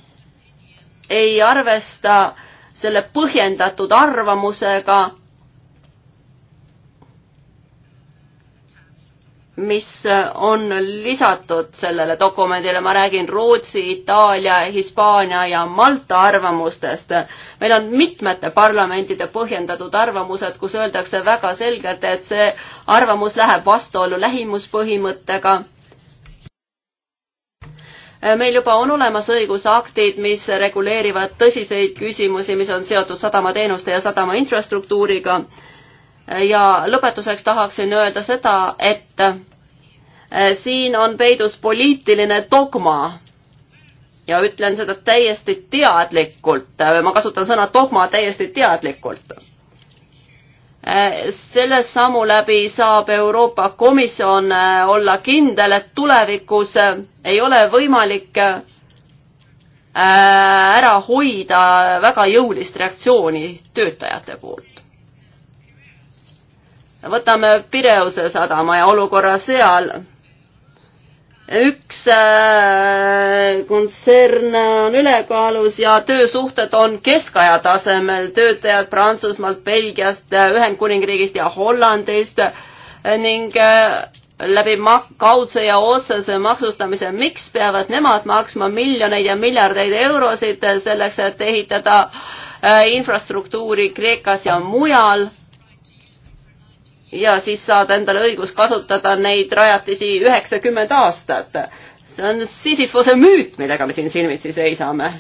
ei arvesta selle põhjendatud arvamusega, mis äh, on lisatud sellele dokumendile, ma räägin Rootsi, Itaalia, Hispaania ja Malta arvamustest. meil on mitmete parlamentide põhjendatud arvamused, kus öeldakse väga selgelt, et see arvamus läheb vastuollu lähimuspõhimõttega. meil juba on olemas õigusaktid, mis reguleerivad tõsiseid küsimusi, mis on seotud sadamateenuste ja sadama infrastruktuuriga ja lõpetuseks tahaksin öelda seda, et Äh, siin on peidus poliitiline dogma ja ütlen seda täiesti teadlikult, äh, ma kasutan sõna dogma täiesti teadlikult. Äh, selle sammu läbi saab Euroopa Komisjon olla kindel, et tulevikus ei ole võimalik ära hoida väga jõulist reaktsiooni töötajate poolt. võtame Pireuse sadama ja olukorra seal üks äh, kontsern on ülekaalus ja töösuhted on keskaja tasemel, töötajad Prantsusmaalt, Belgiast, äh, Ühendkuningriigist ja Hollandist äh, ning läbi mak-, kaudse ja otsese maksustamise, miks peavad nemad maksma miljoneid ja miljardeid eurosid selleks, et ehitada infrastruktuuri Kreekas ja mujal ja siis saada endale õigus kasutada neid rajatisi üheksakümmend aastat. see on Sisyphose müüt, millega me siin silmitsi seisame.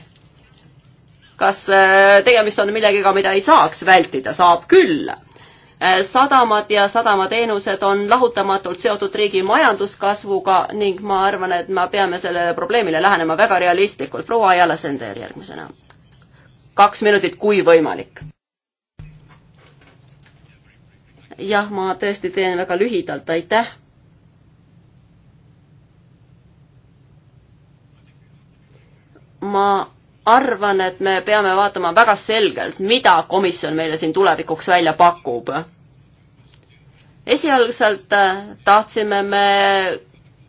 kas äh, tegemist on millegagi, mida ei saaks vältida, saab küll. Äh, sadamad ja sadamateenused on lahutamatult seotud riigi majanduskasvuga ning ma arvan, et me peame sellele probleemile lähenema väga realistlikult. proua Jala Sender järgmisena. kaks minutit, kui võimalik jah, ma tõesti teen väga lühidalt, aitäh. ma arvan, et me peame vaatama väga selgelt, mida komisjon meile siin tulevikuks välja pakub. esialgselt äh, tahtsime me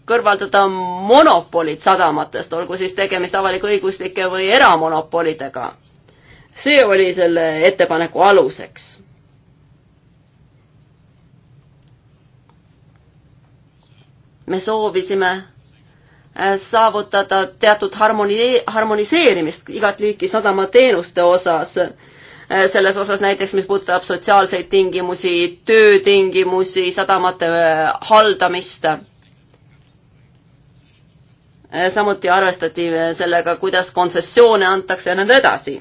kõrvaldada monopolid sadamatest, olgu siis tegemist avalik-õiguslike või eramonopolidega. see oli selle ettepaneku aluseks me soovisime äh, saavutada teatud harmoni-, harmoniseerimist igat liiki sadamateenuste osas. Äh, selles osas näiteks, mis puudutab sotsiaalseid tingimusi, töötingimusi, sadamate äh, haldamist. samuti arvestati sellega, kuidas kontsessioone antakse ja nõnda edasi.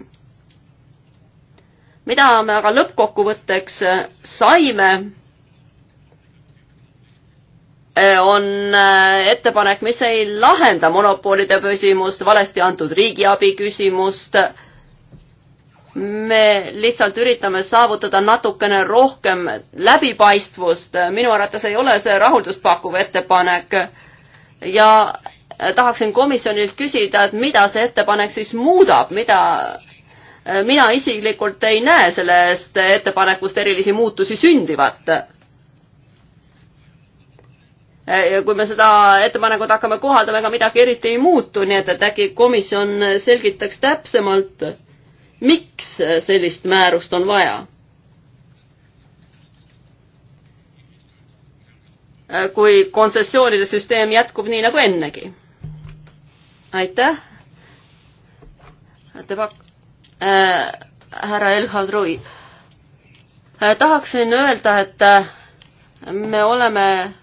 mida me aga lõppkokkuvõtteks saime Äh, on äh, ettepanek, mis ei lahenda monopolide küsimust, valesti antud riigiabi küsimust. me lihtsalt üritame saavutada natukene rohkem läbipaistvust, minu arvates ei ole see rahuldust pakkuv ettepanek. ja äh, tahaksin komisjonilt küsida, et mida see ettepanek siis muudab, mida mina isiklikult ei näe sellest ettepanekust erilisi muutusi sündivat kui me seda ettepanekut hakkame kohaldama, ega midagi eriti ei muutu, nii et, et äkki komisjon selgitaks täpsemalt, miks sellist määrust on vaja? kui kontsessioonide süsteem jätkub nii nagu ennegi. aitäh. Debak- äh,, härra Elhard Rui äh,. tahaksin öelda, et äh, me oleme äh,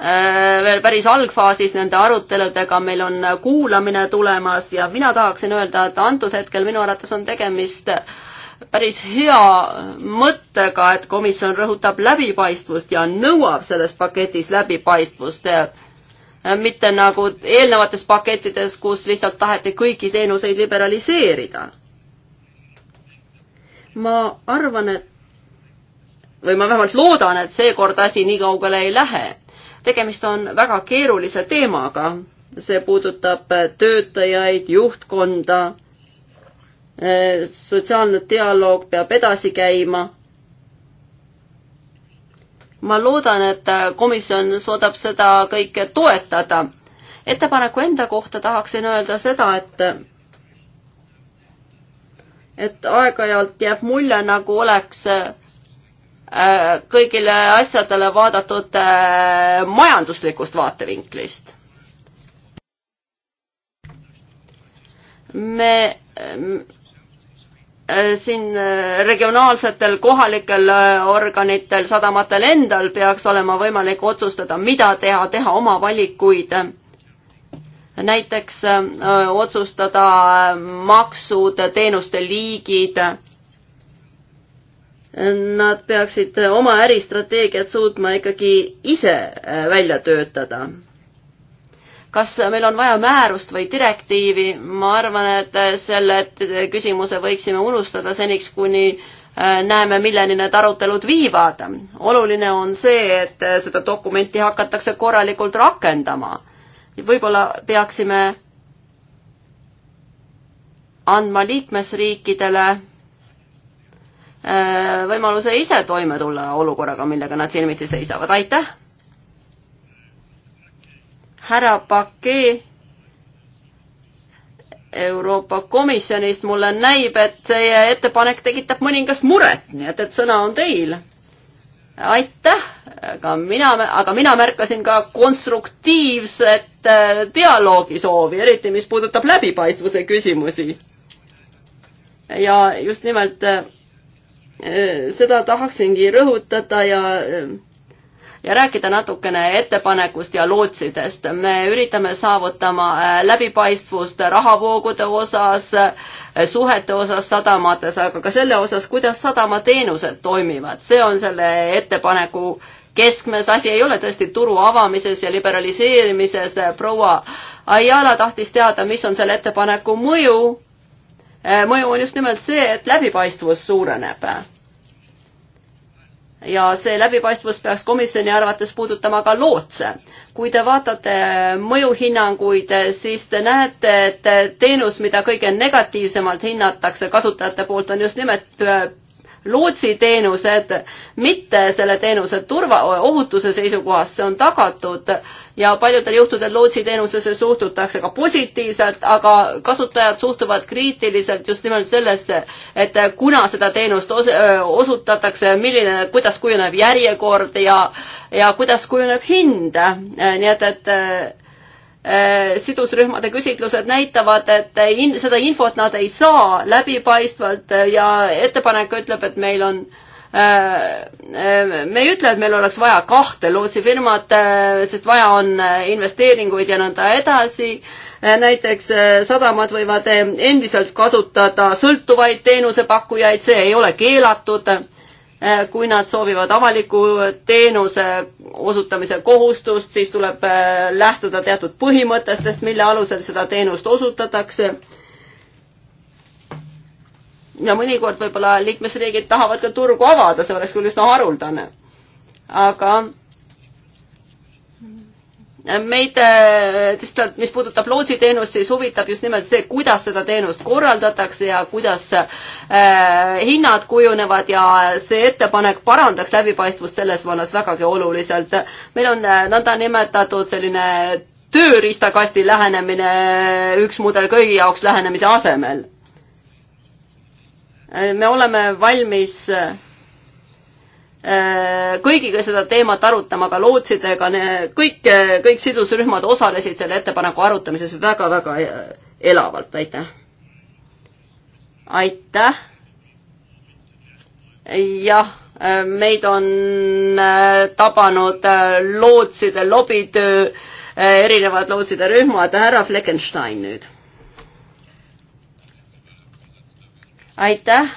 Äh, veel päris algfaasis nende aruteludega, meil on kuulamine tulemas ja mina tahaksin öelda, et antud hetkel minu arvates on tegemist päris hea mõttega, et komisjon rõhutab läbipaistvust ja nõuab selles paketis läbipaistvust. Äh, mitte nagu eelnevates pakettides, kus lihtsalt taheti kõiki teenuseid liberaliseerida. ma arvan, et või ma vähemalt loodan, et seekord asi nii kaugele ei lähe tegemist on väga keerulise teemaga, see puudutab töötajaid, juhtkonda, äh, sotsiaalne dialoog peab edasi käima. ma loodan, et komisjon suudab seda kõike toetada. ettepaneku enda kohta tahaksin öelda seda, et et aeg-ajalt jääb mulje, nagu oleks Äh, kõigile asjadele vaadatud äh, majanduslikust vaatevinklist. me äh, siin regionaalsetel kohalikel organitel, sadamatel endal peaks olema võimalik otsustada, mida teha, teha oma valikuid. näiteks öö, otsustada maksud, teenuste liigid nad peaksid oma äristrateegiat suutma ikkagi ise äh, välja töötada. kas meil on vaja määrust või direktiivi, ma arvan, et äh, selle äh, küsimuse võiksime unustada seniks, kuni näeme, milleni need arutelud viivad. oluline on see, et seda dokumenti hakatakse korralikult rakendama. võib-olla peaksime andma liikmesriikidele Äh, võimaluse ise toime tulla olukorraga, millega nad silmitsi seisavad, aitäh! härra Pakee Euroopa Komisjonist, mulle näib, et teie ettepanek tekitab mõningast muret, nii et, et sõna on teil. aitäh, aga mina, aga mina märkasin ka konstruktiivset äh, dialoogi soovi, eriti mis puudutab läbipaistvuse küsimusi. ja just nimelt äh, Äh, seda tahaksingi rõhutada ja äh, ja rääkida natukene ettepanekust ja lootsidest. me üritame saavutama äh, läbipaistvust rahavoogude osas, suhete osas sadamates, aga ka selle osas, kuidas sadamateenused toimivad. see on selle ettepaneku keskmes, asi ei ole tõesti turu avamises ja liberaliseerimises. proua Ayala tahtis teada, mis on selle ettepaneku mõju Äh, mõju on just nimelt see, et läbipaistvus suureneb. ja see läbipaistvus peaks komisjoni arvates puudutama ka lootse. kui te vaatate mõjuhinnanguid, siis te näete, et teenus, mida kõige negatiivsemalt hinnatakse kasutajate poolt, on just nimelt äh, lootsiteenused, mitte selle teenuse turva, ohutuse seisukohast, see on tagatud ja paljudel juhtudel lootsiteenusesse suhtutakse ka positiivselt, aga kasutajad suhtuvad kriitiliselt just nimelt sellesse, et kuna seda teenust os osutatakse, milline, kuidas kujuneb järjekord ja, ja kuidas kujuneb hind, nii et, et Äh, sidusrühmade küsitlused näitavad, et in, seda infot nad ei saa läbipaistvalt äh, ja ettepanek ütleb, et meil on äh, me ei ütle, et meil oleks vaja kahte lootsifirmat, sest vaja on investeeringuid ja nõnda edasi. näiteks sadamad võivad endiselt kasutada sõltuvaid teenusepakkujaid, see ei ole keelatud Eh, kui nad soovivad avaliku teenuse osutamise kohustust, siis tuleb eh, lähtuda teatud põhimõtetest, mille alusel seda teenust osutatakse. ja mõnikord võib-olla liikmesriigid tahavad ka turgu avada, see oleks küll üsna haruldane. aga meid, äh, mis puudutab lootsiteenust, siis huvitab just nimelt see, kuidas seda teenust korraldatakse ja kuidas äh, hinnad kujunevad ja see ettepanek parandaks läbipaistvust selles vallas vägagi oluliselt. meil on äh, nõndanimetatud selline tööriistakasti lähenemine, üks mudel kõigi jaoks lähenemise asemel. Äh, me oleme valmis äh, Äh, kõigiga seda teemat arutama, ka lootsidega, kõik, kõik sidusrühmad osalesid selle ettepaneku arutamises väga-väga äh, elavalt, aitäh. aitäh. jah, äh, meid on tabanud lootside lobitöö, erinevad lootside rühmad, härra Fleckenstein nüüd. aitäh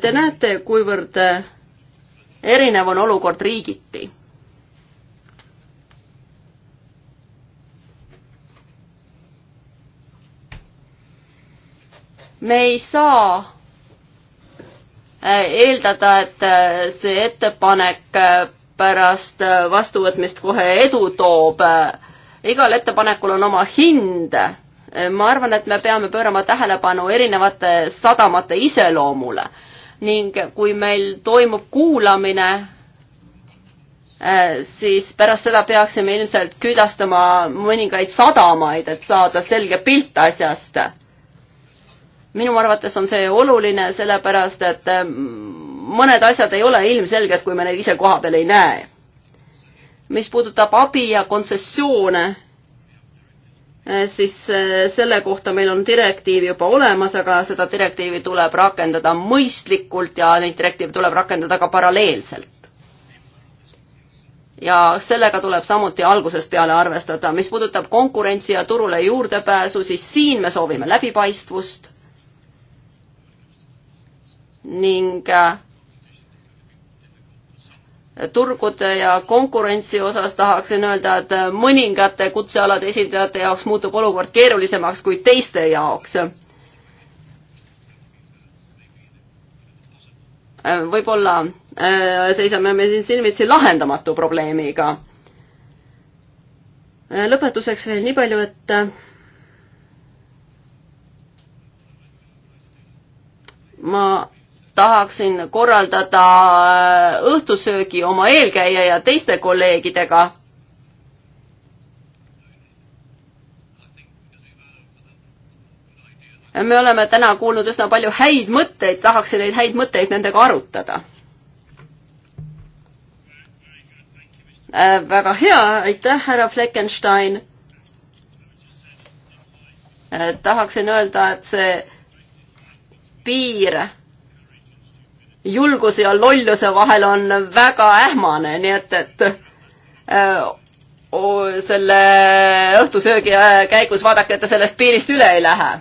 Te näete, kuivõrd eh, erinev on olukord riigiti. me ei saa eh, eeldada, et eh, see ettepanek pärast vastuvõtmist kohe edu toob. igal ettepanekul on oma hind. ma arvan, et me peame pöörama tähelepanu erinevate sadamate iseloomule ning kui meil toimub kuulamine, äh, siis pärast seda peaksime ilmselt külastama mõningaid sadamaid, et saada selge pilt asjast. minu arvates on see oluline, sellepärast et äh, mõned asjad ei ole ilmselged, kui me neid ise koha peal ei näe. mis puudutab abi ja kontsessioone Eh, siis eh, selle kohta meil on direktiiv juba olemas, aga seda direktiivi tuleb rakendada mõistlikult ja neid direktiive tuleb rakendada ka paralleelselt. ja sellega tuleb samuti algusest peale arvestada, mis puudutab konkurentsi ja turule juurdepääsu, siis siin me soovime läbipaistvust ning eh, turgude ja konkurentsi osas tahaksin öelda, et mõningate kutsealade esindajate jaoks muutub olukord keerulisemaks kui teiste jaoks. võib-olla äh, seisame me siin silmitsi lahendamatu probleemiga. Äh, lõpetuseks veel nii palju, et äh, ma tahaksin korraldada äh, õhtusöögi oma eelkäija ja teiste kolleegidega. me oleme täna kuulnud üsna palju häid mõtteid, tahaksin neid häid mõtteid nendega arutada. Äh, väga hea, aitäh, härra Fleckenstein. Äh, tahaksin öelda, et see piir julguse ja lolluse vahel on väga ähmane, nii et, et äh, selle õhtusöögi käigus vaadake, et te sellest piirist üle ei lähe.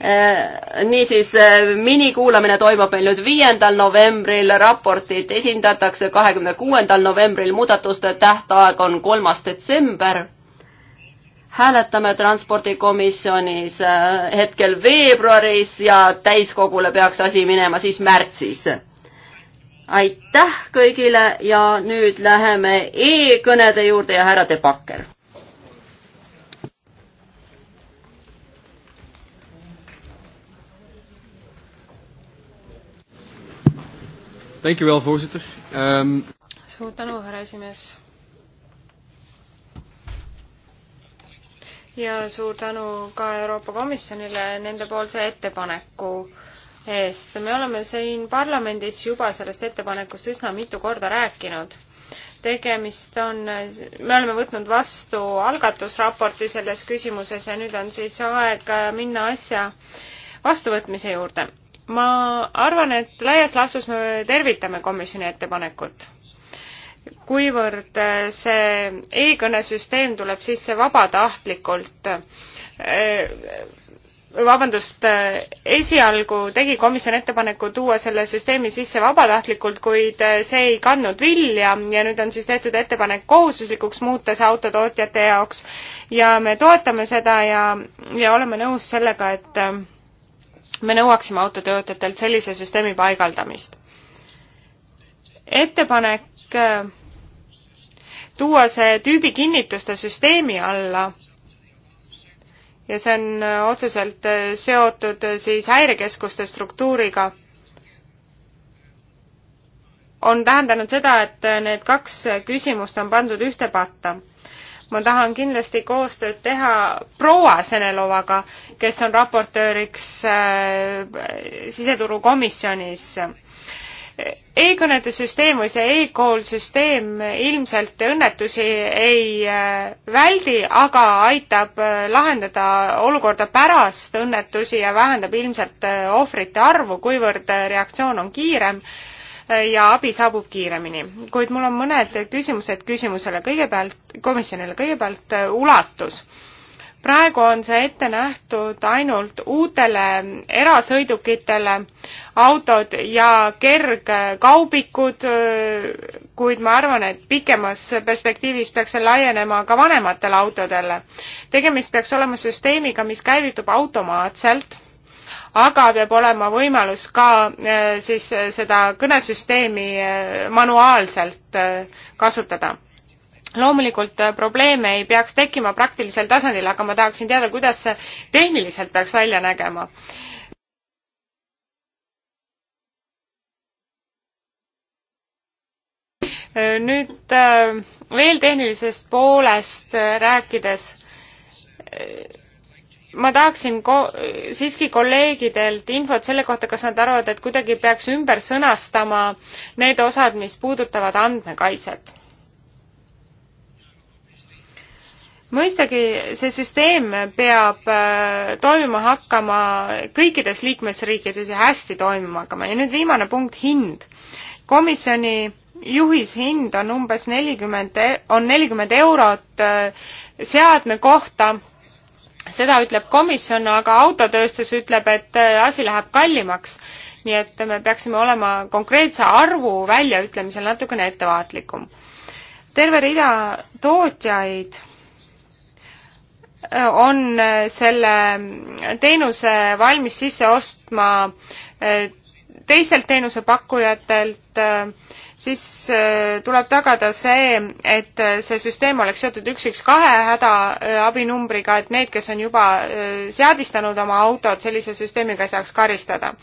Äh, niisiis, äh, minikuulamine toimub meil nüüd viiendal novembril, raportit esindatakse kahekümne kuuendal novembril, muudatuste tähtaeg on kolmas detsember hääletame transpordikomisjonis äh, hetkel veebruaris ja täiskogule peaks asi minema siis märtsis. aitäh kõigile ja nüüd läheme e-kõnede juurde ja härra De Backer. Dank u wel, voorzitter. Um... Suur tänu, härra esimees ja suur tänu ka Euroopa Komisjonile nendepoolse ettepaneku eest. me oleme siin parlamendis juba sellest ettepanekust üsna mitu korda rääkinud. tegemist on, me oleme võtnud vastu algatusraporti selles küsimuses ja nüüd on siis aeg minna asja vastuvõtmise juurde. ma arvan, et laias laastus me tervitame komisjoni ettepanekut kuivõrd äh, see e-kõnesüsteem tuleb sisse vabatahtlikult. Äh, vabandust, äh, esialgu tegi komisjon ettepaneku tuua selle süsteemi sisse vabatahtlikult, kuid see ei kandnud vilja ja nüüd on siis tehtud ettepanek kohustuslikuks muuta see autotootjate jaoks ja me toetame seda ja, ja oleme nõus sellega, et me nõuaksime autotöötajatelt sellise süsteemi paigaldamist. ettepanek Äh, tuua see tüübikinnituste süsteemi alla ja see on äh, otseselt äh, seotud siis häirekeskuste struktuuriga, on tähendanud seda, et need kaks küsimust on pandud ühte patta. ma tahan kindlasti koostööd teha proua Senelovaga, kes on raportööriks siseturukomisjonis e-kõnede süsteem või see e-kool süsteem ilmselt õnnetusi ei äh, väldi, aga aitab äh, lahendada olukorda pärast õnnetusi ja vähendab ilmselt äh, ohvrite arvu, kuivõrd reaktsioon on kiirem ja abi saabub kiiremini. kuid mul on mõned küsimused küsimusele kõigepealt, komisjonile kõigepealt, ulatus praegu on see ette nähtud ainult uutele erasõidukitele, autod ja kergkaubikud, kuid ma arvan, et pikemas perspektiivis peaks see laienema ka vanematele autodele. tegemist peaks olema süsteemiga, mis käivitub automaatselt, aga peab olema võimalus ka eh, siis eh, seda kõnesüsteemi eh, manuaalselt kasutada loomulikult probleeme ei peaks tekkima praktilisel tasandil, aga ma tahaksin teada, kuidas see tehniliselt peaks välja nägema nüüd äh, veel tehnilisest poolest äh, rääkides, äh, ma tahaksin ko-, siiski kolleegidelt infot selle kohta, kas nad arvavad, et kuidagi peaks ümber sõnastama need osad, mis puudutavad andmekaitset. mõistagi, see süsteem peab toimima hakkama kõikides liikmesriikides ja hästi toimima hakkama ja nüüd viimane punkt, hind. komisjoni juhishind on umbes nelikümmend, e-, on nelikümmend eurot äh, seadme kohta. seda ütleb komisjon, aga autotööstus ütleb, et äh, asi läheb kallimaks. nii et me peaksime olema konkreetse arvu väljaütlemisel natukene ettevaatlikum. terve rida tootjaid äh, on selle teenuse valmis sisse ostma teistelt teenusepakkujatelt äh, siis äh, tuleb tagada see, et äh, see süsteem oleks seotud üks, üks, kahe hädaabinumbriga, äh, et need, kes on juba seadistanud oma autod, sellise süsteemiga ei saaks karistada.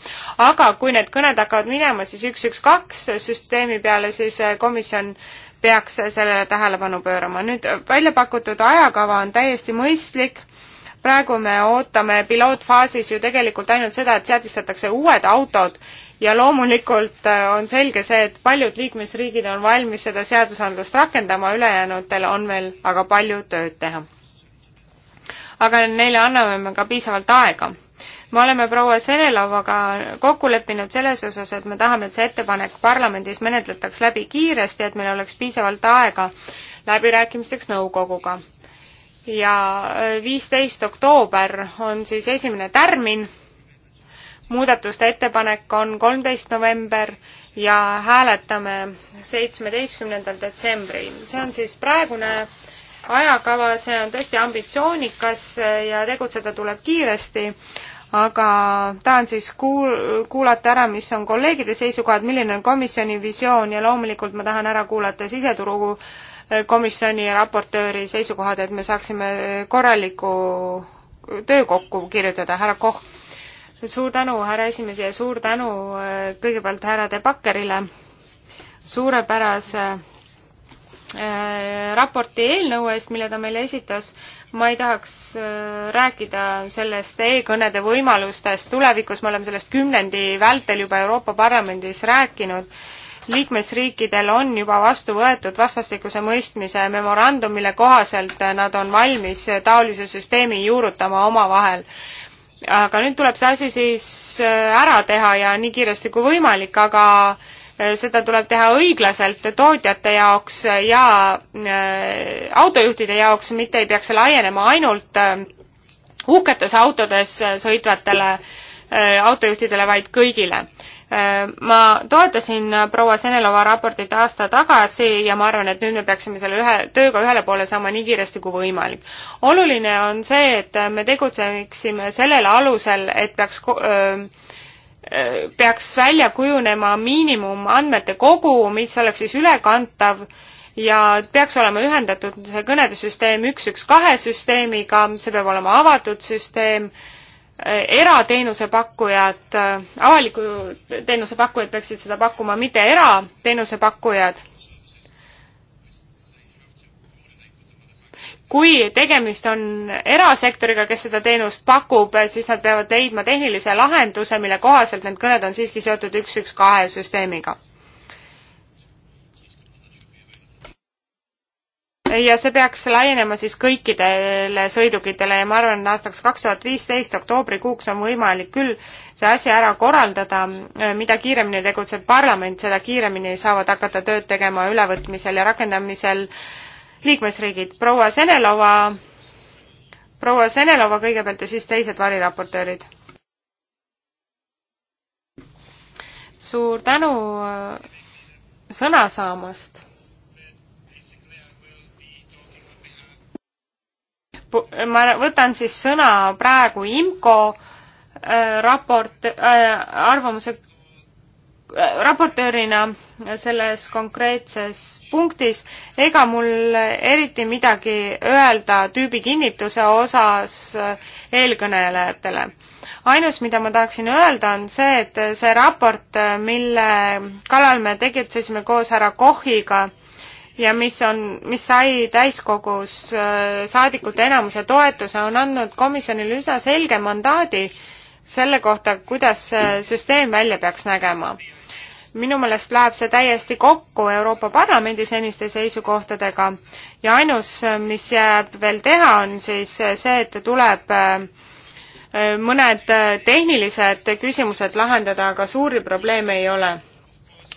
aga kui need kõned hakkavad minema siis üks, üks, kaks süsteemi peale, siis komisjon peaks sellele tähelepanu pöörama. nüüd välja pakutud ajakava on täiesti mõistlik praegu me ootame pilootfaasis ju tegelikult ainult seda, et seadistatakse uued autod ja loomulikult äh, on selge see, et paljud liikmesriigid on valmis seda seadusandlust rakendama, ülejäänutel on veel aga palju tööd teha. aga neile anname me ka piisavalt aega. me oleme proua Senelovaga kokku leppinud selles osas, et me tahame, et see ettepanek parlamendis menetletaks läbi kiiresti, et meil oleks piisavalt aega läbirääkimisteks nõukoguga. ja äh, viisteist oktoober on siis esimene tärmin muudatuste ettepanek on kolmteist november ja hääletame seitsmeteistkümnendal detsembril. see on siis praegune ajakava, see on tõesti ambitsioonikas ja tegutseda tuleb kiiresti, aga tahan siis kuul-, kuulata ära, mis on kolleegide seisukohad, milline on komisjoni visioon ja loomulikult ma tahan ära kuulata siseturu komisjoni ja raportööri seisukohad, et me saaksime korraliku töö kokku kirjutada. härra Koch suur tänu, härra esimees ja suur tänu äh, kõigepealt härra De Bakkerile suurepärase äh, raporti eelnõu eest, mille ta meile esitas. ma ei tahaks äh, rääkida sellest e-kõnede võimalustest tulevikus, me oleme sellest kümnendi vältel juba Euroopa Parlamendis rääkinud liikmesriikidel on juba vastu võetud vastastikuse mõistmise memorandum, mille kohaselt nad on valmis taolise süsteemi juurutama omavahel aga nüüd tuleb see asi siis äh, ära teha ja nii kiiresti kui võimalik, aga äh, seda tuleb teha õiglaselt tootjate jaoks ja äh, autojuhtide jaoks, mitte ei peaks see laienema ainult uhketes autodes sõitvatele autojuhtidele, vaid kõigile. Äh, ma toetasin proua Senelova raportit aasta tagasi ja ma arvan, et nüüd me peaksime selle ühe, tööga ühele poole saama nii kiiresti kui võimalik. oluline on see, et me tegutseksime sellel alusel, et peaks peaks välja kujunema miinimumandmete kogu, mis oleks siis ülekantav ja peaks olema ühendatud see kõnede süsteem üks-üks-kahe süsteemiga, see peab olema avatud süsteem äh,, erateenusepakkujad, avaliku teenusepakkujad peaksid seda pakkuma, mitte erateenusepakkujad. kui tegemist on erasektoriga, kes seda teenust pakub, siis nad peavad leidma tehnilise lahenduse, mille kohaselt need kõned on siiski seotud üks-üks-kahe süsteemiga ja see peaks laienema siis kõikidele sõidukitele ja ma arvan, et aastaks kaks tuhat viisteist oktoobrikuuks on võimalik küll see asi ära korraldada. mida kiiremini tegutseb parlament, seda kiiremini saavad hakata tööd tegema ülevõtmisel ja rakendamisel liikmesriigid. proua Senelova, proua Senelova kõigepealt ja siis teised variraportöörid. suur tänu äh, sõna saamast ma võtan siis sõna praegu IMCO äh, raport äh,, arvamuse äh, raportöörina selles konkreetses punktis, ega mul eriti midagi öelda tüübi kinnituse osas äh, eelkõnelejatele. ainus, mida ma tahaksin öelda, on see, et see raport, äh, mille kallal me tegutsesime koos härra Kohiga, ja mis on, mis sai täiskogus äh, saadikute enamuse toetuse, on andnud komisjonile üsna selge mandaadi selle kohta, kuidas see süsteem välja peaks nägema. minu meelest läheb see täiesti kokku Euroopa Parlamendi seniste seisukohtadega ja ainus, mis jääb veel teha, on siis see, et tuleb äh, mõned äh, tehnilised küsimused lahendada, aga suuri probleeme ei ole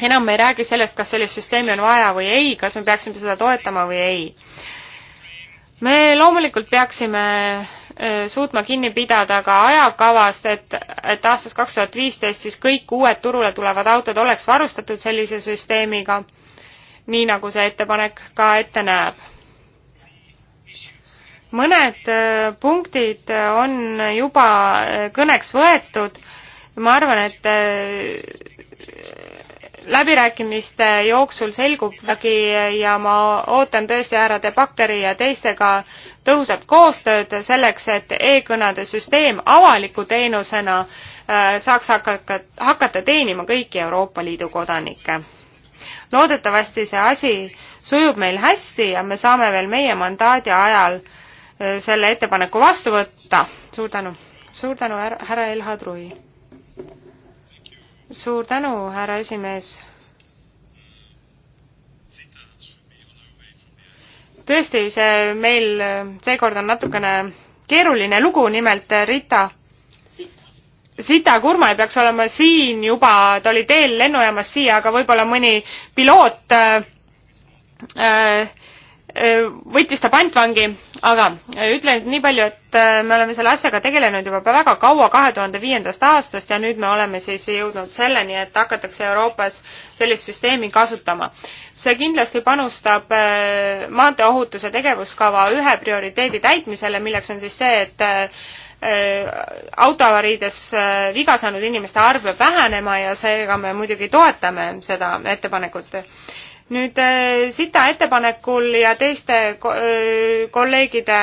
enam me ei räägi sellest, kas sellist süsteemi on vaja või ei, kas me peaksime seda toetama või ei. me loomulikult peaksime äh, suutma kinni pidada ka ajakavast, et, et aastast kaks tuhat viisteist siis kõik uued turule tulevad autod oleks varustatud sellise süsteemiga, nii nagu see ettepanek ka ette näeb. mõned äh, punktid on juba äh, kõneks võetud, ma arvan, et läbirääkimiste jooksul selgub midagi ja ma ootan tõesti härra De Bakkeri ja teistega tõhusat koostööd selleks, et e-kõnede süsteem avaliku teenusena äh, saaks hakata, hakata teenima kõiki Euroopa Liidu kodanikke. loodetavasti see asi sujub meil hästi ja me saame veel meie mandaadi ajal äh, selle ettepaneku vastu võtta. suur tänu. suur tänu, härra Elhad Rui suur tänu, härra esimees. tõesti, see meil seekord on natukene keeruline lugu, nimelt Rita Sita Kurma ei peaks olema siin juba, ta oli teel lennujaamast siia, aga võib-olla mõni piloot äh, äh Äh, võttis ta pantvangi, aga äh, ütlen nii palju, et äh, me oleme selle asjaga tegelenud juba väga kaua, kahe tuhande viiendast aastast ja nüüd me oleme siis jõudnud selleni, et hakatakse Euroopas sellist süsteemi kasutama. see kindlasti panustab maanteeohutuse tegevuskava ühe prioriteedi täitmisele, milleks on siis see, et autoavariides viga saanud inimeste arv peab vähenema ja seega me muidugi toetame seda ettepanekut nüüd äh, sita ettepanekul ja teiste äh, kolleegide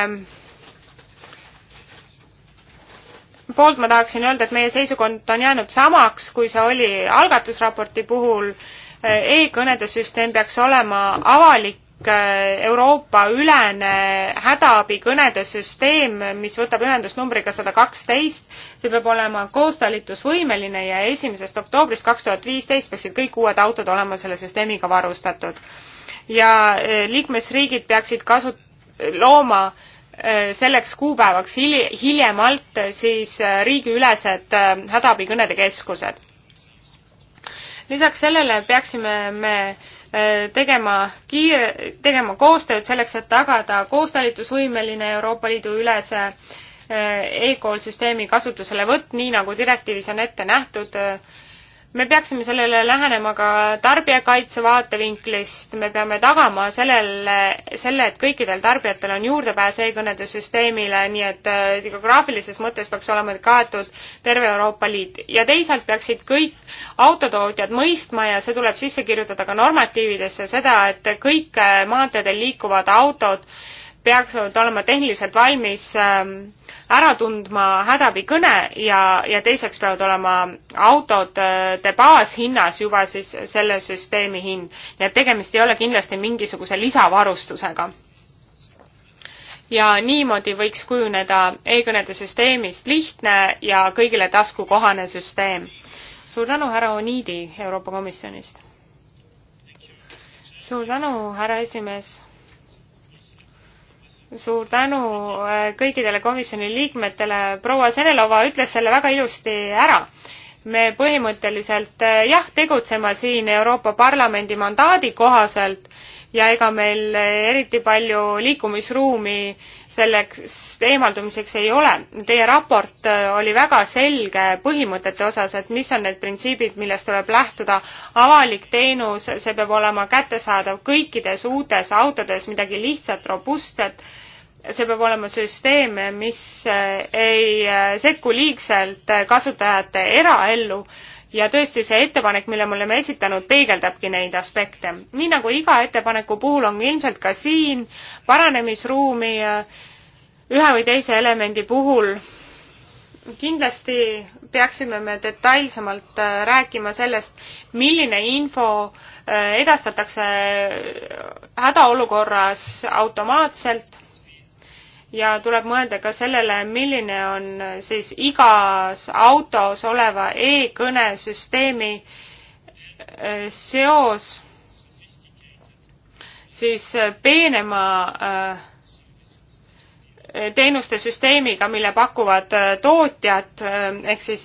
poolt ma tahaksin öelda, et meie seisukond on jäänud samaks, kui see oli algatusraporti puhul e. e-kõnede süsteem peaks olema avalik Äh, Euroopa-ülene hädaabikõnede süsteem, mis võtab ühendust numbriga sada kaksteist, see peab olema koostalitusvõimeline ja esimesest oktoobrist kaks tuhat viisteist peaksid kõik uued autod olema selle süsteemiga varustatud. ja äh, liikmesriigid peaksid kasu-, looma äh, selleks kuupäevaks hil-, hiljemalt siis riigiülesed hädaabikõnede keskused. lisaks sellele peaksime me äh, Äh, tegema kiire, tegema koostööd selleks, et tagada koostalitusvõimeline Euroopa Liidu ülese äh, e-kool süsteemi kasutuselevõtt, nii nagu direktiivis on ette nähtud äh, me peaksime sellele lähenema ka tarbijakaitse vaatevinklist, me peame tagama sellele, selle, et kõikidel tarbijatel on juurdepääs e-kõnede süsteemile, nii et äh, geograafilises mõttes peaks olema kaetud terve Euroopa Liit. ja teisalt peaksid kõik autotootjad mõistma ja see tuleb sisse kirjutada ka normatiividesse, seda, et kõik äh, maanteedel liikuvad autod peaksid olema tehniliselt valmis äh, ära tundma hädaabikõne ja, ja teiseks peavad olema autode äh, baashinnas juba siis selle süsteemi hind. nii et tegemist ei ole kindlasti mingisuguse lisavarustusega. ja niimoodi võiks kujuneda e-kõnede süsteemist lihtne ja kõigile taskukohane süsteem. suur tänu, härra Oniidi Euroopa Komisjonist! suur tänu, härra esimees suur tänu äh, kõikidele komisjoni liikmetele, proua Senelova ütles selle väga ilusti ära. me põhimõtteliselt äh, jah, tegutseme siin Euroopa Parlamendi mandaadi kohaselt ja ega meil äh, eriti palju liikumisruumi sellest eemaldumiseks ei ole. Teie raport äh, oli väga selge põhimõtete osas, et mis on need printsiibid, millest tuleb lähtuda. avalik teenus, see peab olema kättesaadav kõikides uutes autodes, midagi lihtsat, robustset. see peab olema süsteem, mis äh, ei äh, sekku liigselt kasutajate eraellu ja tõesti see ettepanek, mille me oleme esitanud, peegeldabki neid aspekte. nii nagu iga ettepaneku puhul on ilmselt ka siin paranemisruumi ühe või teise elemendi puhul kindlasti peaksime me detailsemalt äh, rääkima sellest, milline info äh, edastatakse äh, hädaolukorras automaatselt ja tuleb mõelda ka sellele, milline on siis igas autos oleva e-kõnesüsteemi seos siis peenema äh, teenuste süsteemiga, mille pakuvad äh, tootjad, äh, ehk siis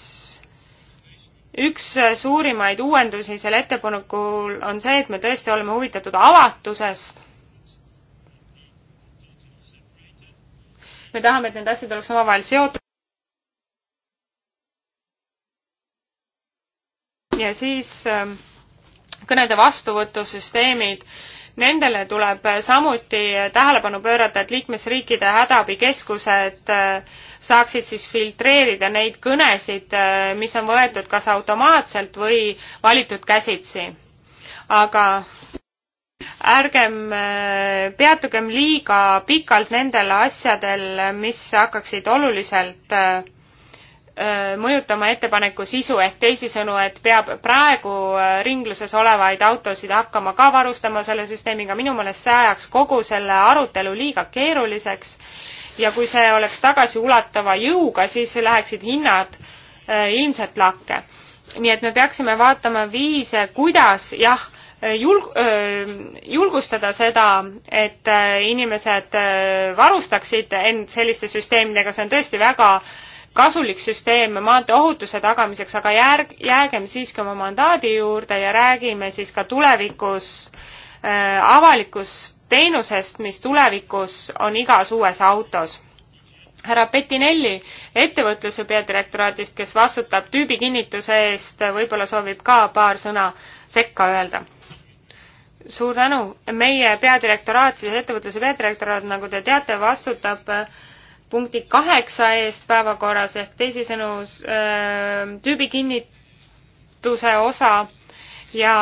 üks äh, suurimaid uuendusi selle ettepanekul on see, et me tõesti oleme huvitatud avatusest. me tahame, et need asjad oleks omavahel seotud. ja siis kõnede vastuvõtusüsteemid Nendele tuleb samuti tähelepanu pöörata, et liikmesriikide hädaabikeskused äh, saaksid siis filtreerida neid kõnesid, äh, mis on võetud kas automaatselt või valitud käsitsi. aga ärgem äh, peatugem liiga pikalt nendel asjadel, mis hakkaksid oluliselt Äh, mõjutama ettepaneku sisu ehk teisisõnu, et peab praegu äh, ringluses olevaid autosid hakkama ka varustama selle süsteemiga, minu meelest see ajaks kogu selle arutelu liiga keeruliseks ja kui see oleks tagasiulatava jõuga, siis läheksid hinnad äh, ilmselt lakke. nii et me peaksime vaatama viise, kuidas jah, julg-, julgustada seda, et inimesed varustaksid end selliste süsteemidega, see on tõesti väga äh, kasulik süsteem maanteeohutuse tagamiseks, aga järg, jäägem siiski oma mandaadi juurde ja räägime siis ka tulevikus äh, avalikust teenusest, mis tulevikus on igas uues autos. härra Pettinelli ettevõtluse peadirektoraadist, kes vastutab tüübikinnituse eest, võib-olla soovib ka paar sõna sekka öelda suur tänu, meie peadirektoraat, siis ettevõtluse peadirektoraat, nagu te teate, vastutab äh, punkti kaheksa eest päevakorras ehk teisisõnu äh, tüübi kinnituse osa ja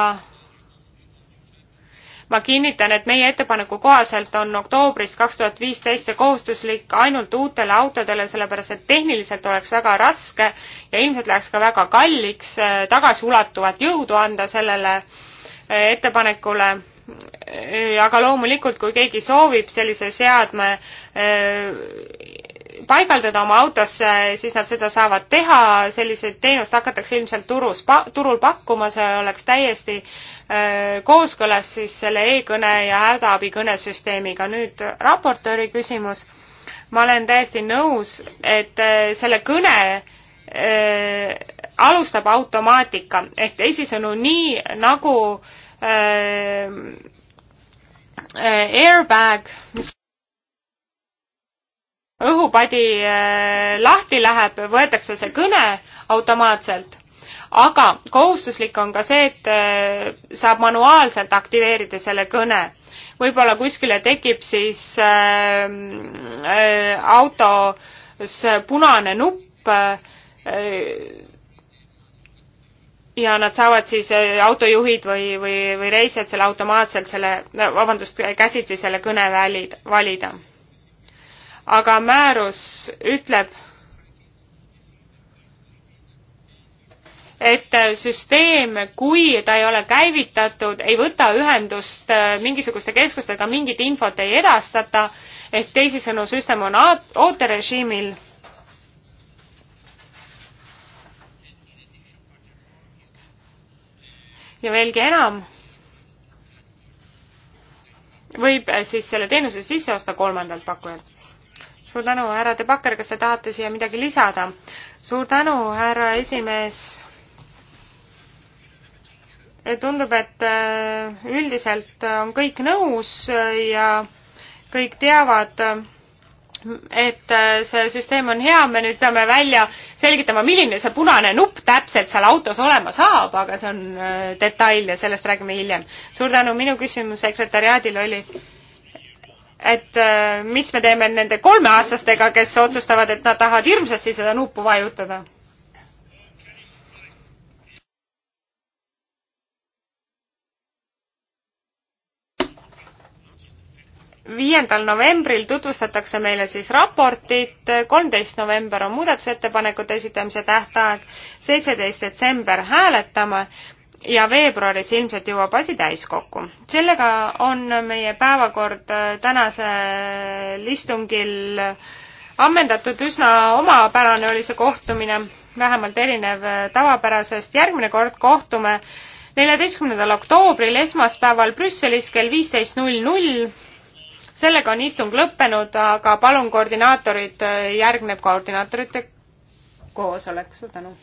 ma kinnitan, et meie ettepaneku kohaselt on oktoobrist kaks tuhat viisteist see kohustuslik ainult uutele autodele, sellepärast et tehniliselt oleks väga raske ja ilmselt läheks ka väga kalliks äh, tagasiulatuvat jõudu anda sellele äh, ettepanekule aga loomulikult, kui keegi soovib sellise seadme eh, paigaldada oma autosse, siis nad seda saavad teha, selliseid teenust hakatakse ilmselt turus, turul pakkuma, see oleks täiesti eh, kooskõlas siis selle e-kõne ja hädaabikõne süsteemiga. nüüd raportööri küsimus. ma olen täiesti nõus, et eh, selle kõne äh, alustab automaatika ehk teisisõnu nii, nagu äh, Äh, äh, airbag, mis õhupadi äh, lahti läheb, võetakse see kõne automaatselt. aga kohustuslik on ka see, et saab manuaalselt aktiveerida selle kõne. võib-olla kuskile tekib siis äh, autos punane nupp äh,, ja nad saavad siis äh, autojuhid või, või, või reisijad selle automaatselt selle, vabandust, käsitsi selle kõne valid, valida. aga määrus ütleb, et äh, süsteem, kui ta ei ole käivitatud, ei võta ühendust äh, mingisuguste keskustega, mingit infot ei edastata, ehk teisisõnu, süsteem on ooterežiimil ja veelgi enam, võib äh, siis selle teenuse sisse osta kolmandalt pakkujalt. suur tänu, härra De Backer, kas te tahate siia midagi lisada? suur tänu, härra esimees. tundub, et äh, üldiselt äh, on kõik nõus ja kõik teavad, et äh, see süsteem on hea, me nüüd peame välja selgitama, milline see punane nupp täpselt seal autos olema saab, aga see on äh, detail ja sellest räägime hiljem. suur tänu, minu küsimus sekretäriaadil oli, et äh, mis me teeme nende kolmeaastastega, kes otsustavad, et nad tahavad hirmsasti seda nuppu vajutada viiendal novembril tutvustatakse meile siis raportit, kolmteist november on muudatusettepanekute esitamise tähtaeg, seitseteist detsember hääletame ja veebruaris ilmselt jõuab asi täiskokku. sellega on meie päevakord äh, tänasel istungil ammendatud, üsna omapärane oli see kohtumine, vähemalt erinev äh, tavapärasest, järgmine kord kohtume neljateistkümnendal oktoobril esmaspäeval Brüsselis kell viisteist null null sellega on istung lõppenud, aga palun koordinaatorid, järgneb koordinaatorite koosolek, suur tänu!